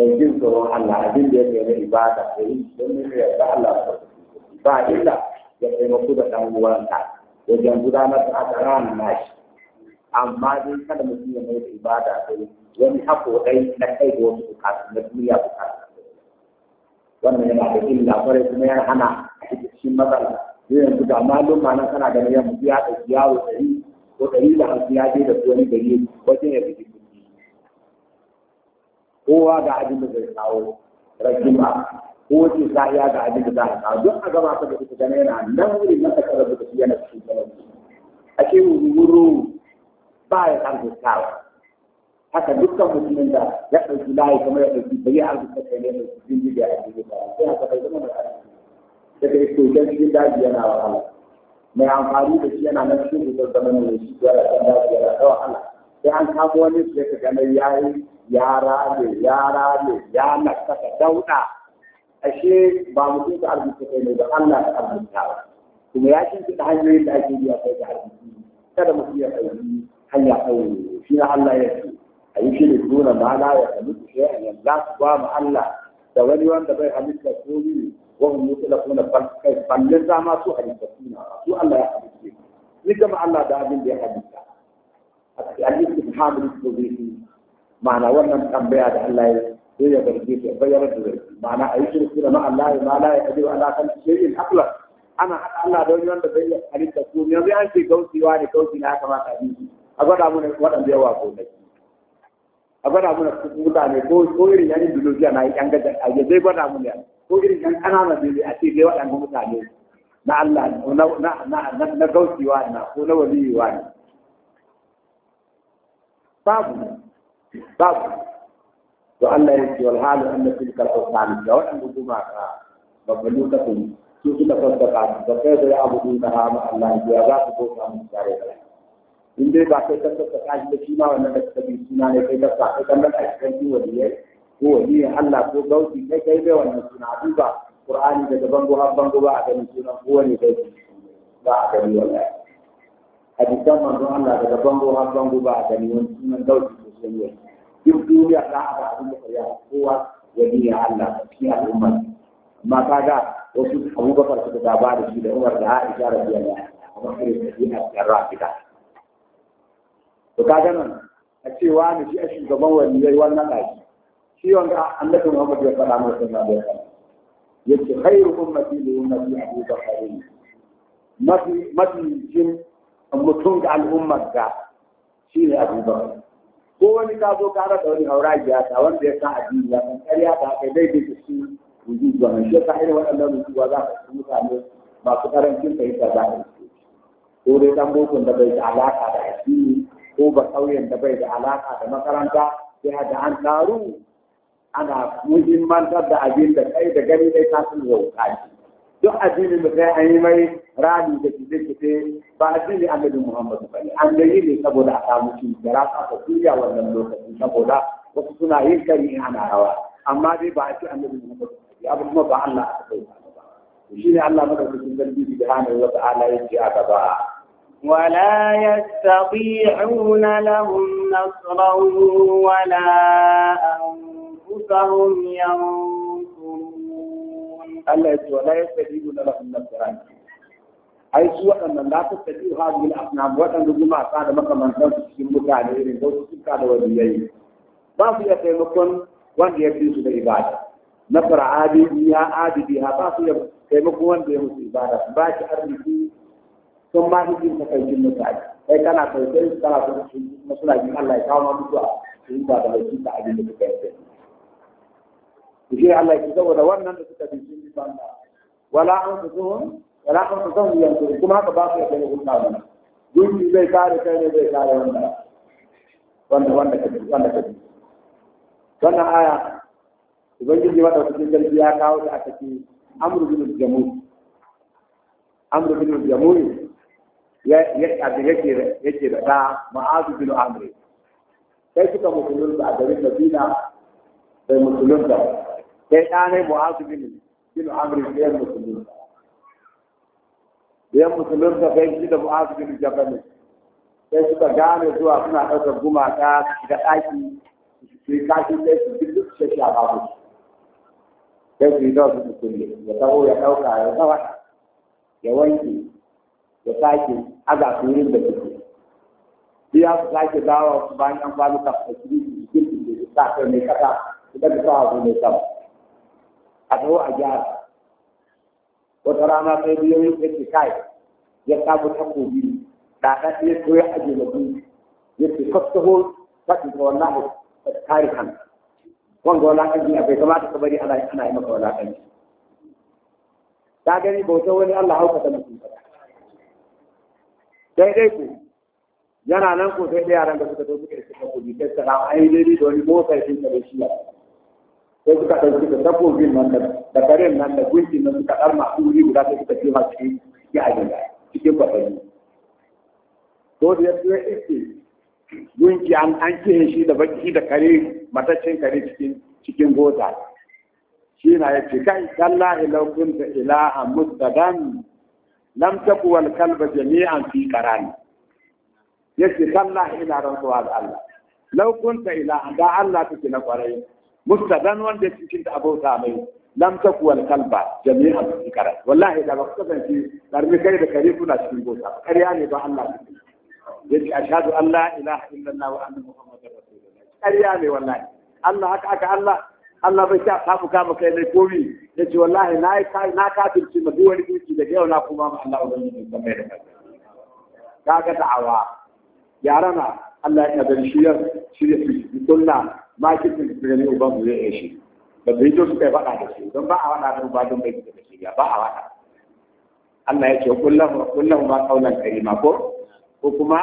[SPEAKER 2] da jin tsoron Allah abin da ya na ibada da yi don nuna yarda Allah ba ba illa ya taimako da ɗan uwansa wajen gudanar da na nashi amma dai kada mutum ya mai da ibada sai wani hako dai na kai da wasu bukatu na duniya bukatu wannan yana da illa kwarai kuma yana hana cikin matsala zai yanzu da maluma nan kana ganin yamma ya ɗauki yawo ɗari ko ɗari da hamsin ya je da wani gari wajen ya fi kowa ga abin da zai kawo rajima ko ce sahiya ga abin da za a kawo duk a gama ka da ita gane yana nan wuri na ka karabu da shi yana cikin talauci a ce wuri ba ya arzikawa haka dukkan mutumin da ya ɗauki layi kamar ya ɗauki bai yi arzika kai ne da su jirgin da ya ɗauki ba sai haka kai zama mai arziki daga iskokin cikin daji yana wahala mai amfani da shi yana nan cikin da zama mai shi ya ɗauki daji yana ta wahala sai an kamo wani sai ka ganin ya yi yara ne yara ne ya nakasa dauɗa ashe ba mutum ka arziki kai ne ba Allah ka arziki ba kuma ya shi ta hanyoyin da ake biya kai ka arziki kada mu ya kai hanya kawai shi na Allah ya ce a yi shi ne nuna mana ya kalu su shi an yanzu za su ba mu Allah da wani wanda bai halitta ko ne wani mutu da kuma ballin zama su halitta suna su Allah ya halitta ni gama Allah da abin da ya halitta al-istibham ma'ana wannan tambaya da Allah ya sai ya barge ta bayar da zai ma'ana ayi shirku da ma Allah ma la ya kadi ala kan shay'in aqla ana hada Allah da wanda bai ya halitta ko ne yanzu an ce gausiwa ne gausi na kamata a yi a gwada mana waɗanda yawa ko a gwada mana mutane ko ko irin yan indologiya na yan gajar a ya gwada mana ko irin yan ƙananan bebe a ce dai waɗanda mutane na Allah na na na gausiwa na ko na waliyuwa ne babu babu to Allah ya ce wal halu anna tilka al-awsan da wannan gumaka babbalu ka tun su suka sassaka da kai da abu abudu da hama Allah ya za su ko samu tare da in dai ba kai ka sassaka shi da shi ma wannan da suka bi suna ne kai ka sa kan da ko Allah ko gauti kai kai bai wannan suna duba Qur'ani daga bango har bango ba a ganin sunan kowane gauti ba a gani wallahi hadisan manzon Allah daga bango har bango ba a gani wani sunan dauki sosai yau duk duniya za a ba abin da kariya kowa ya biya Allah shi al'umma amma kaga wasu abubakar suka ta ba da shi da Umar da Aisha radiyallahu anha amma kare su yi a rafida to kaga nan a cewa ne shi a shugaban waliyai wannan aiki shi wanda annabi Muhammad ya faɗa masa sallallahu alaihi wasallam yace khairu ummati li ummati Abu Bakr mafi mafi jin mutum ga al'ummar ga shi ne abubakar ko wani ka zo ka da wani haura ta wanda ya san addini ya kan karya ta kai dai da su wuju zuwa shi ka irin waɗannan rubuwa za ka ci mutane masu karancin fahimta za ka ci ko dai ɗan bokon da bai da alaƙa da addini ko ba sauyin da bai da alaƙa da makaranta sai da an taru ana muhimmantar da abin da kai da gani dai ka san wauta duk addini mu sai an yi mai rami da kike kike ba addini annabi Muhammadu ba ne an yi ne saboda a samu shi da rasa ka duniya wannan lokacin saboda wasu suna yin kari in ana rawa amma dai ba a ci annabi Muhammadu ya abu kuma ba Allah aka kai ba shi ne Allah madaukakin sarki subhanahu wa ta'ala yake a gaba
[SPEAKER 1] ولا يستطيعون لهم نصرا ولا أنفسهم ينصرون
[SPEAKER 2] Allah ya ce wala yastajibu lahum nasaran ai su waɗannan la tastajibu hadhihi na asnam waɗanda gumaka da makamantan su cikin mutane irin da su suka da wani yayi ba su iya taimakon wanda ya fi su da ibada na fara'adi biya adidi ha ba su iya taimakon wanda ya musu ibada ba shi arziki sun ma su jin takaicin mutane kai kana kai sai kana so su suna jin Allah ya kawo mutuwa su yi ba da mai abin da suka yi shi Allah ya saboda wannan da suka bi sun yi banda wala an tuzuhum wala an yanzu kuma haka ba su da duk zai kare kai ne zai kare wannan wanda wanda ka wanda ka wannan aya ubangiji ya kawo ta aka ce amru bin jamu amru bin jamu ya ya abin yake yake da da ma'azu bin amri sai suka a garin Madina bai sai ɗanai mu'azu bin bin amri ɗayan da ɗayan musulun ta kai shi da mu'azu bin jabal sai suka gane zuwa suna ɗaukar gumaka su shiga ɗaki su yi kashi sai su bi duk su shafa musu sai su yi da su kulle ya taho ya ɗauka ya zawa ya wanke ya sake aza su wurin da suke biya su sake dawa su bayan an kwanuka su kiri su jikin su da sa kai mai kasa su daga sa abu mai sama a taho a gyara wata rana sai biyo ya kai. kai ya ta takobi da ɗan ya so ya aje da biyu ya ce kwastaho ta ce ta wallahi ta kare kan wanga walakanci a bai kamata ka bari ana yi maka walakanci ta gani bautar wani Allah hauka ta mutum sai dai ku yana nan ko sai da yaran da suka zo suka isa kuɗi sai ta ra'a ai dai da wani motsa shi da shi sai suka ɗauki da dabbobin nan da karen nan da gunki nan suka ɗar masu wuri guda sai suka jefa cikin yayin cikin kwaɗayi. To da ya tsaye iske gunki an an kihe shi da baki da kare mataccen kare cikin cikin gota. Shi na ya ce kai tallahi law kunta ilaha mustadan lam taku wal kalba jami'an fi Ya ce, tallahi ina rantsuwa da Allah. Law kunta ilaha da Allah take na kwarai. mustadan wanda ya cikin da abota mai lam takwal kalba jami'an zikara wallahi da ba ku kasance karmi kai da kare kuna cikin bota ƙarya ne ba Allah yace ashhadu an la ilaha illallah wa anna muhammadar rasulullah ƙarya ne wallahi Allah haka aka Allah Allah bai ta kafu kama kai ne komi yace wallahi na na kafirci ma duk wani duki daga yau na kuma ma Allah ubangiji kamar da kaga da'awa yarana Allah ya gani shi ya shi ya fi sunna ma kitin gani uban mu zai shi ba bai to suka faɗa da shi don ba a faɗa da uba don bai da shi ba a faɗa Allah ya ce kullahu kullahu ma qaulan karima ko ko kuma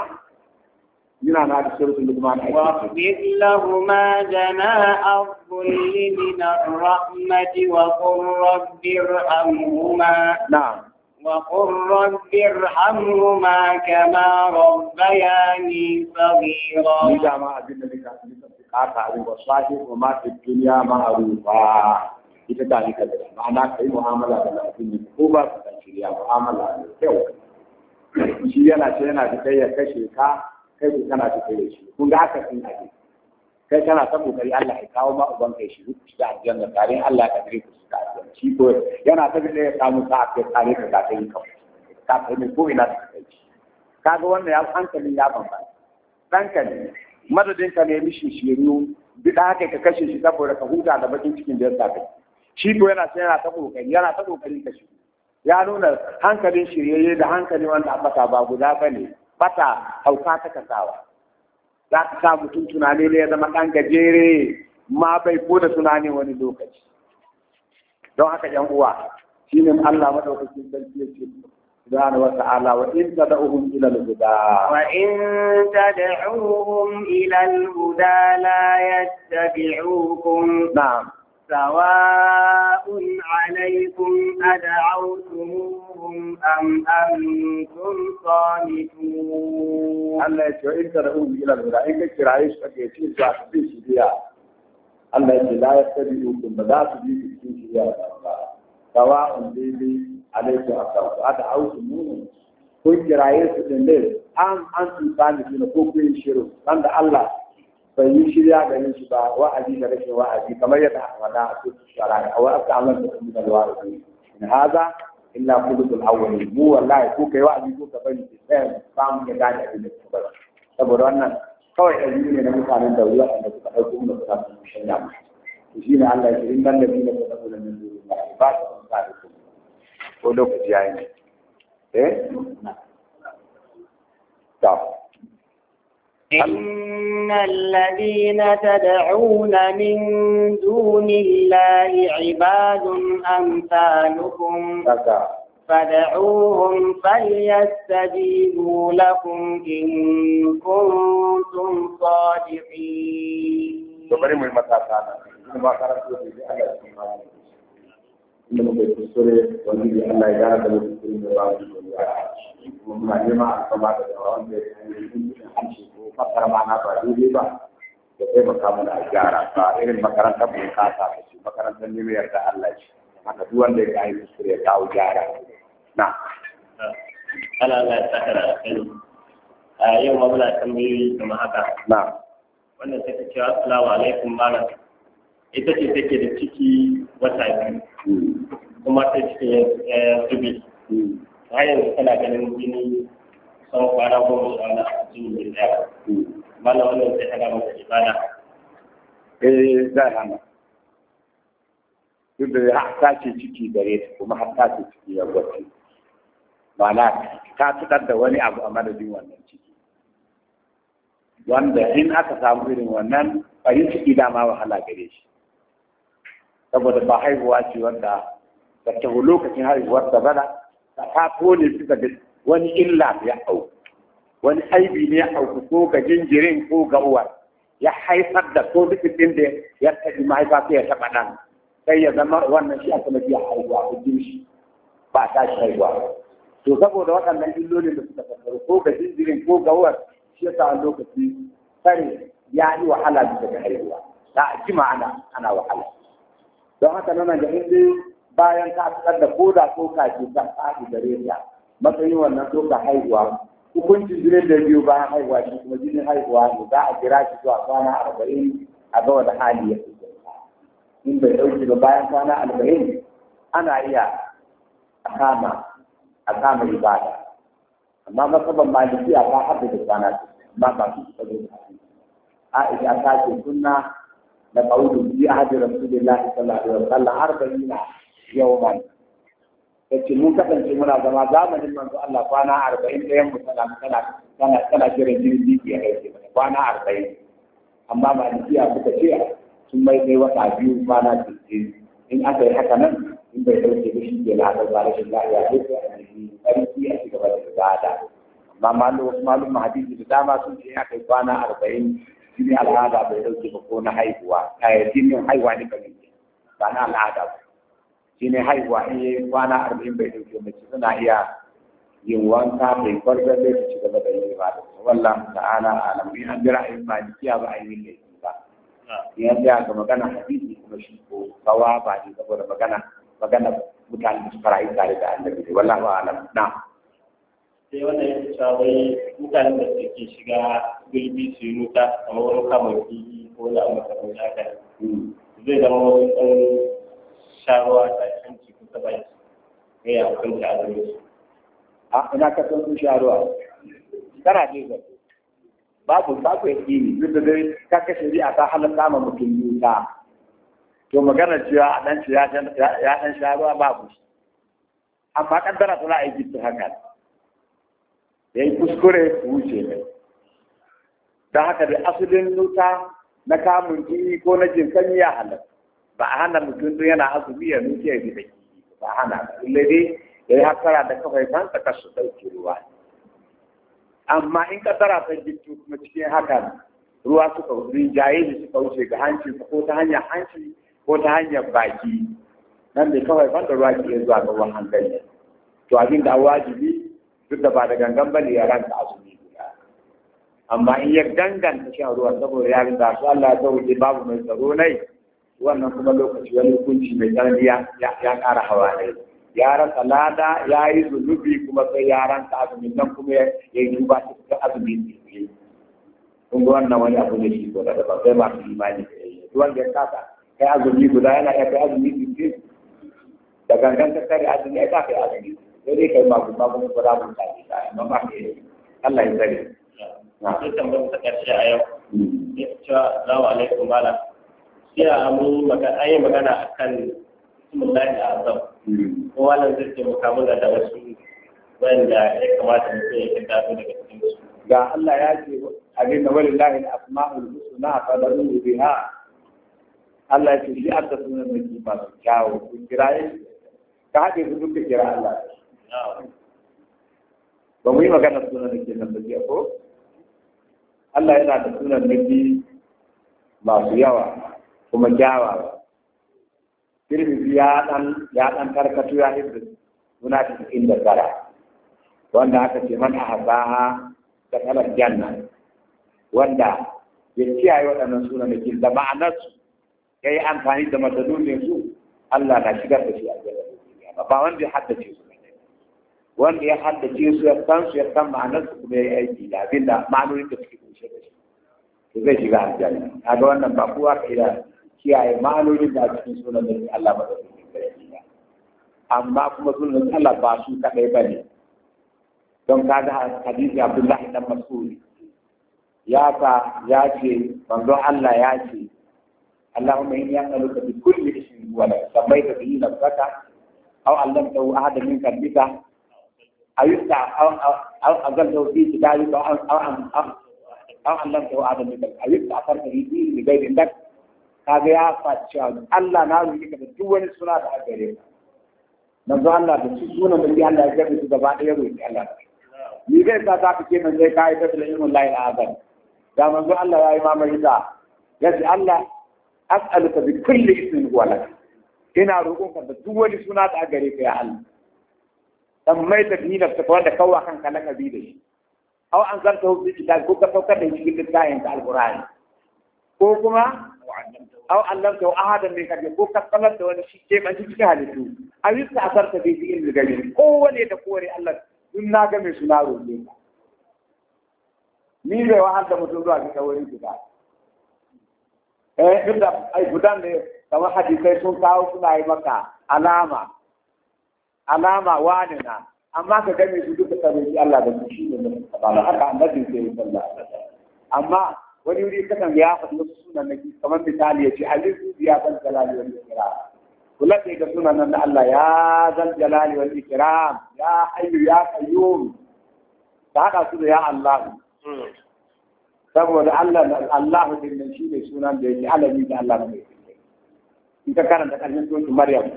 [SPEAKER 2] yana na da surutun
[SPEAKER 1] lukman aiki wa billahuma jana'a dhulli min ar-rahmati wa qur rabbi irhamhuma na'am وقل رب ارحمهما كما ربياني صغيرا. إذا ما أجل لك أصدقاء تعلم وصاحب وما في الدنيا ما معروفا.
[SPEAKER 2] إذا ذلك معنى في معاملة لكن كوبا في معاملة لكوبا. شيئا شيئا في كي يكشف كي يكشف كي يكشف كي يكشف كي يكشف kai kana ta kokari Allah ya kawo ma uban kai shi ku shiga aljanna tare Allah ya kadire ku da aljanna shi ko yana ta da ya samu ka ake tare ka ka kai ka ka kai ko ina ka kai ga wannan ya hankali ya bamba danka ne madadin ka ne mishi shiru da haka ka kashe shi saboda ka huta da bakin cikin da ya saka shi ko yana sai yana ta kokari yana ta kokari ka shi ya nuna hankalin shiryayye da hankalin wanda aka ba guda bane bata hauka ta kasawa za ka sa mutum tunani ne ya zama ɗan gajere ma bai ko da tunani wani lokaci don haka yan uwa shi ne Allah madaukakin sarki ya ce سبحانه ila وإن تدعوهم إلى الهدى
[SPEAKER 1] وإن ila إلى الهدى لا يتبعوكم na'am سواء عليكم أدعوتموهم أم أنتم صامتون الله يشوى إن ترؤون إلى الهدى إن
[SPEAKER 2] كنت رأيش أكيتين تعتبيش بيا الله يشوى لا يتبعوكم بدا تبيك تبيش بيا سواء بيبي عليكم أدعوتموهم كنت رأيش أن أنتم صامتون كوكوين شروع عند الله bai yi shirya ganin shi ba wa'azi da rashin wa'azi kamar yadda aka faɗa a cikin shara a wa aka amal da kuma da wa'azi in haza illa kulubul awwali mu wallahi ko kai wa'azi ko ka bari ki tsaya samu ya gane abin da kuka bari saboda wannan kawai ɗabi'u ne na mutanen da ruwa da suka ɗauko mu da suka samu shanya mu shi ne Allah ya in dan da bi ne ko da kullun nan ba ta san sa da ku ko lokaci yi ne eh
[SPEAKER 1] إن الذين تدعون من دون الله عباد أمثالكم فدعوهم فليستجيبوا لكم إن كنتم صادقين. ان
[SPEAKER 2] makar mana ba dole ba da taimaka mana a gyara ba irin makarantar mu ka ta ce makarantar Allah ce haka duk wanda ya yi kuskure ya kawo Allah ya saka da kai yau ma muna tambayoyi kuma haka na wannan take cewa assalamu alaikum ita ce da ciki wata hmm. kuma ta cikin eh, zubi hmm. har yanzu tana ganin gini sau kwana goma sha a cikin mala wannan sai hana masa ibada eh hana duk da ya ce ciki gare ta kuma har ce ciki ya gwace ma'ana ta fitar da wani abu a madadin wannan ciki wanda in aka samu irin wannan ɓarin ciki dama wahala gare shi saboda ba haihuwa ce wanda da ta lokacin haihuwar da bana ta kone bisa da wani illa ya auku wani aibi ne a ko ga jinjirin ko ga uwa ya haifar da ko duk din da ya tafi mahaifa sai ya taɓa ɗan sai ya zama wannan shi a kuma biya haihuwa ko shi ba ta shi haihuwa to saboda waɗannan illolin da suka tattaru ko ga jinjirin ko ga uwa shi ya sa lokaci sai ya yi wahala bisa ga haihuwa Da a jima ana ana wahala don haka nana ga inda bayan ka fitar da ko da ko ka ke ta faɗi gare ta matsayin wannan so ka haihuwa hukuncin jinin da biyu bayan haihuwa shi kuma jinin haihuwa ne za a jira shi zuwa kwana arba'in a ga wani hali ya fi in bai ɗauki ba bayan kwana arba'in ana iya a kama a kama ibada amma masaban malikiya ta haɗu da kwana ba ba su tsaye a ita ta ce sunna na ƙaunin bi a hajji rasulullahi sallallahu alaihi wa sallam arba'ina yawman yace mun kasance muna zama zamanin manzo Allah kwana arba'in ɗayan mu tana tana tana tana jiran jirgi ya aiki mana kwana arba'in amma malikiya suka ce sun mai kai wata biyu kwana sittin in aka yi haka nan in bai ɗauke da shi ke lahadar ba rashin lafiya ne sai a nemi sarki a ci gaba da ibada amma malum malum hadisi da dama sun ce ya kai kwana arba'in shi ne al'ada bai ɗauke ba ko na haihuwa a yi haihuwa ne kamar ba na al'ada ba shine haihuwa in yayi kwana arba'in bai dauke mace suna iya yin wanka mai farkon da ci gaba da yin ibada wallahu ta'ala alam in an jira in malikiya ba a yi yin laifi ba in ya ga magana hadisi kuma shi ko kawa ba ne saboda magana magana mutane da suka rayu tare da annabi ne wallahu alam na sai wanda ya fi wai mutanen da suke shiga gulbi su yi nuta kamar wani kamar fili ko wani abu kamar hmm. zai zama wani sha ruwa ta hanci kusa ba shi ne ya hukunta azumin su a ina ka san sun sha ruwa kana ne ga babu yi ni duk da dai ka kashe ri a ta halatta ma mutum yuta to magana cewa a dan ya dan sha ruwa babu shi amma kaddara tana aiki ta haka ya yi kuskure wuce mai da haka da asalin nuta na kamun jini ko na jinkan ya halatta ba a hana mutum don yana azumi ya nufi ya bi ba a hana illa dai ya yi hasara da kawai ban ta kasu ɗauki ruwa amma in tara ta gittu kuma cikin hakan ruwa suka rinjaye da suka wuce ga hanci ko ta hanyar hanci ko ta hanyar baki nan da kawai ban da ruwa ke iya zuwa ga wannan ganye to abin da wajibi duk da ba da gangan bane ya ranta azumi guda amma in ya danganta shan ruwa saboda ya rinda su Allah ya wuce babu mai tsaro nai wannan kuma lokaci wani hukunci mai tsanani ya kara hawa ne ya rasa lada ya yi zunubi kuma sai ya ranta azumi nan kuma ya yi duba ta azumi ne kun ga wannan wani abu ne shi ko da ba sai masu imani da yayi duk wanda ya kasa kai azumi guda yana iya kai azumi da kare azumi ya kai azumi sai dai kai magu magu ko da mun tafi da amma ba ke Allah ya tsare na sai tambayar ta karshe a yau ya hmm. ce assalamu alaikum malam jiya mun magana an yi magana akan a azam Kuma nan zai taimaka mana da wasu wanda ya kamata mutum ya kinta su daga cikin su ga Allah ya ce abin da wani lahi da asma'ul husna fa da rubu biha Allah ya ce shi an ta sunan da kifa su kyawu kun kira yi ka haɗe su duka kira Allah ba mu yi magana sunan da ke nan da ko Allah yana da sunan da masu yawa kuma kyawawa tirmidhi ya dan ya dan karkatu ya hibbi muna cikin da tara wanda aka ce man ahsaha da kalar janna wanda ya kiyaye waɗannan sunanakin da ma'anarsu ya yi amfani da matsalolin su Allah na shigar da shi a jannah ba wanda ya haddace su wanda ya haddace su ya san su ya san ma'anar su kuma ya yi aiki da abin da ma'anonin da suke kunshe da shi to zai shiga aljanna kaga wannan ba kowa ka da kiyaye ma'anonin da cikin sunan da Allah ba da su amma kuma sunan Allah ba su kadai bane don ka ga hadisi Abdullahi dan Mas'ud ya ka ya ce manzo Allah ya ce Allahumma inni as'aluka bi kulli ismin huwa lak samaita bihi nafsaka aw allamtahu ahadan min khalqika ayyuka aw aw azaltahu fi kitabika aw aw aw allamtahu ahadan min khalqika ayyuka afarta bi ilmi ghayri lak kaga ya faci Allah na roƙi ka da duk wani suna da aka gare ka manzo Allah da sunan da Allah ya gabe su gaba ɗaya roƙi Allah ni zai sa ta fice man zai kai ta ilmin lahi azam da manzo Allah ya yi ta, ya ce Allah as'aluka bi kulli ismin huwa lak ina roƙon ka da duk wani suna da aka gare ka ya Allah dan mai da ni da tafi da kawwa kanka na kabi da shi aw an zanta hu bi kitab ko ka saukar da shi cikin littafin ka alqur'ani ko kuma aw allamta ahadan min qabli ko ka sanar da wani shi ke banci cikin halittu a yi ta asarta bi ilmi ko kowane da kore Allah dun na ga mai suna roƙe ka ni bai wa da mutum zuwa ga kawai guda eh duk da ai gudan ne kamar hadisai sun kawo suna yi maka alama alama wani na amma ka gane su duka yi, Allah da shi ne ba haka annabi sai sallallahu alaihi wasallam amma wani wuri kasan ya faɗi wasu sunan na kamar misali ya ce alifu ya zan jalali wani ikram kula ce ga sunan nan na Allah ya zan jalali wani ikram ya hayyu ya qayyum ta haɗa su da ya Allah saboda Allah Allah din nan shi ne sunan da yake alami da Allah mai in ka karanta karshen sunan Maryam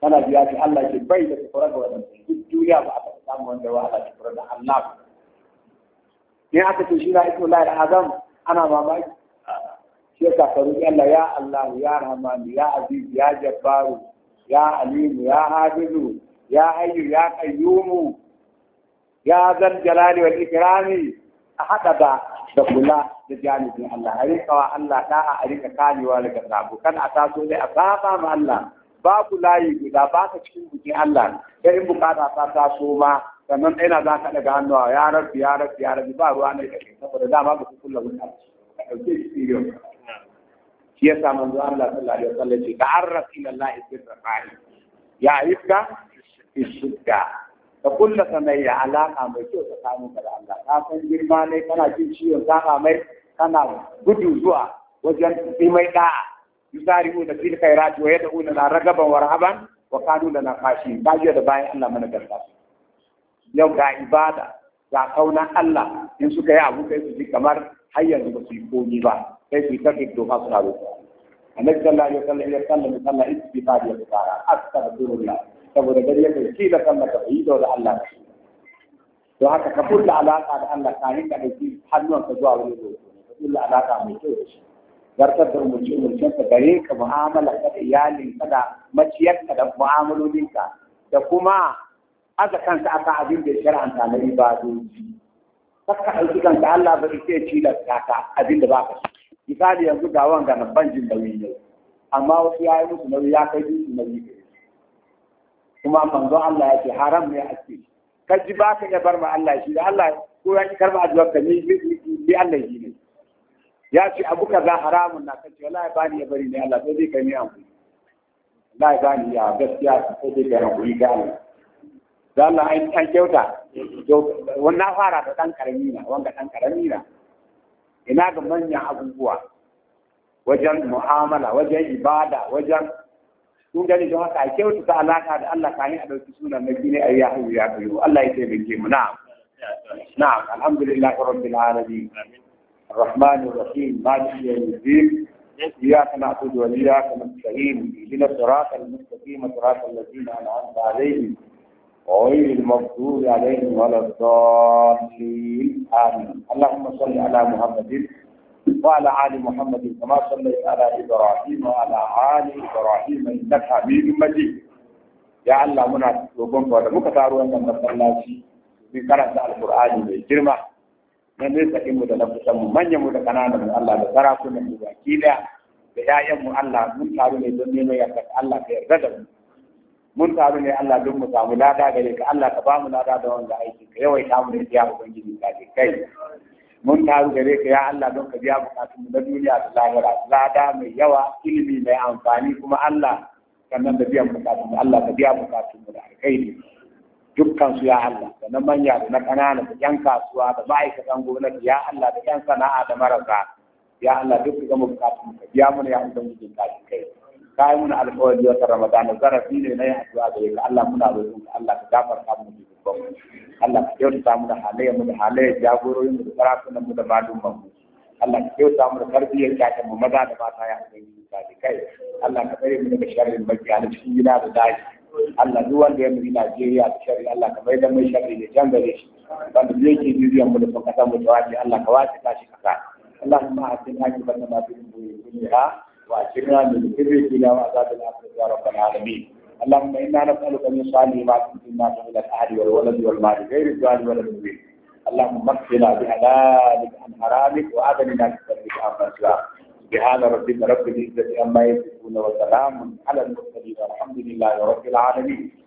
[SPEAKER 2] kana biya ce Allah ke bai da kura ga wannan duk duniya ba a samu wanda wa Allah ke kura da Allah in aka ce shi na ismu Allah da azam ana mamaki shi ka faru Allah ya Allah ya Rahman ya Aziz ya Jabbaru ya Alim ya Hadid ya Hayy ya Qayyum ya Zal Jalali wal Ikram a hada da da kula da jami'in Allah a rika wa Allah da a rika kamewa daga sabo kan a taso ne a saba ma Allah babu layi guda ba ka cikin bikin Allah sai in bukata ta taso ma sannan ɗaya na za ka daga hannu a yarar, fi yarar, fi yarar. ba ruwa ne da kai saboda dama ba su kulla wuta ka ɗauke shi siriyon shi ya sa zuwa Allah sallallahu alaihi wasallam ce an rasu ila Allah da fa'i ya iska isudda ka kulla sanayya alaƙa mai kyau tsakanin ka da Allah ka san girma ne kana jin ciwon saka mai kana gudu zuwa wajen yi mai da'a yusari'u da fil khairat wa yad'una na ragaban wa rahaban wa kanu lana qashin ba da bayan Allah mana gargaɗi yau ga ibada ga kaunan Allah in suka yi abu kai su ji kamar har yanzu ba su yi komi ba sai su yi kafin doka suna roƙo annabi sallallahu alaihi wasallam ya sallama sallah istighfar ya fara astaghfirullah saboda gari yake shi da sallah ka yi da Allah to haka ka kulla alaka da Allah ka rinka hannun ka zuwa wani roƙo ka kulla alaka mai kyau da shi zartar da umarci ka gare ka mu'amala da iyalinka da maciyarka da mu'amalolinka da kuma aka kansa aka abin da ta na ibadu saka ɗauki kanka Allah ba ce da ka abin da baka so misali yanzu ga wanga na banjin da wuyi amma wasu ya yi musu nauyi ya kai musu nauyi kuma manzo Allah ya ce haram ne a ce ka ji ba ka bar ma Allah shi da Allah ko ya ki karba addu'a ka ni bi Allah yi ne ya ce abu kaza haramun na kace wallahi ba ni ya bari ne Allah sai dai kai ni amfani. ku wallahi ba ya gaskiya sai dai kai an Allah da Allah an san kyauta wannan fara da ɗan karami na wanda ɗan karami na ina ga manyan abubuwa wajen mu'amala wajen ibada wajen Tun gani don haka a kyautu ta alaka da Allah kayan a ɗauki sunan na ne a ya hau ya biyu Allah ya taimake mu na'am na'am alhamdulillah rabbil alamin الرحمن الرحيم da يوم الدين إياك نعبد وإياك نستعين اهدنا الصراط المستقيم صراط الذين أنعمت عليهم غير المغضوب عليهم ولا الضالين آمين اللهم صل على محمد وعلى آل محمد كما صليت على إبراهيم وعلى آل إبراهيم إنك حميد مجيد يا الله منا roƙon ka da muka taro wannan masallaci mun karanta alqur'ani mai girma na nesa in mu da na kusan mu manyan mu da kananan mu Allah da sarakunan mu baki da ƴaƴan mu Allah mun taro ne don neman Allah yarda da mu mun taru ne Allah don mu samu lada gare ka Allah ka ba mu lada da wanda aiki ka yawai ta mu da ya ubangiji ka ce kai mun taru gare ka ya Allah don ka biya bukatun mu na duniya da lahira lada mai yawa ilimi mai amfani kuma Allah sannan da biyan bukatun mu Allah ka biya bukatun mu da alkhairi dukkan su ya Allah da na manya da na kanana da yan kasuwa da ma'aikatan gwamnati ya Allah da yan sana'a da marasa ya Allah duk ga mu bukatun mu ka biya mu ya ubangiji ka ce kai kai mun alƙawari wata Ramadan zarafi ne na yin addu'a gare ka Allah muna roƙon Allah ka gafarta mu da dukkan Allah ka kyautata mu da halayen mu da halayen jagororin mu da sarakunan mu da malumman mu Allah ka kyauta mu da tarbiyyar kyakkyan mu maza da mata ya kai mu kai Allah ka tsare mu daga sharrin makiya na cikin gida da daji Allah duk wanda ya muri Najeriya da shari Allah ka mai da mai shari da jan gare shi wanda duk yake jiriyar mu da sun kasa mu tawafi Allah ka wace tashi kasa Allahumma atina bi batina bi dunya واجرنا من كل وعذاب الاخره يا رب العالمين اللهم انا نسالك ان صالح ما كنا من الاهل والولد والمال غير الزوال ولا المبين اللهم اكفنا بحلالك عن حرامك واذننا بفضلك عما سواك سبحان ربك رب العزه عما يصفون وسلام على المرسلين والحمد لله رب العالمين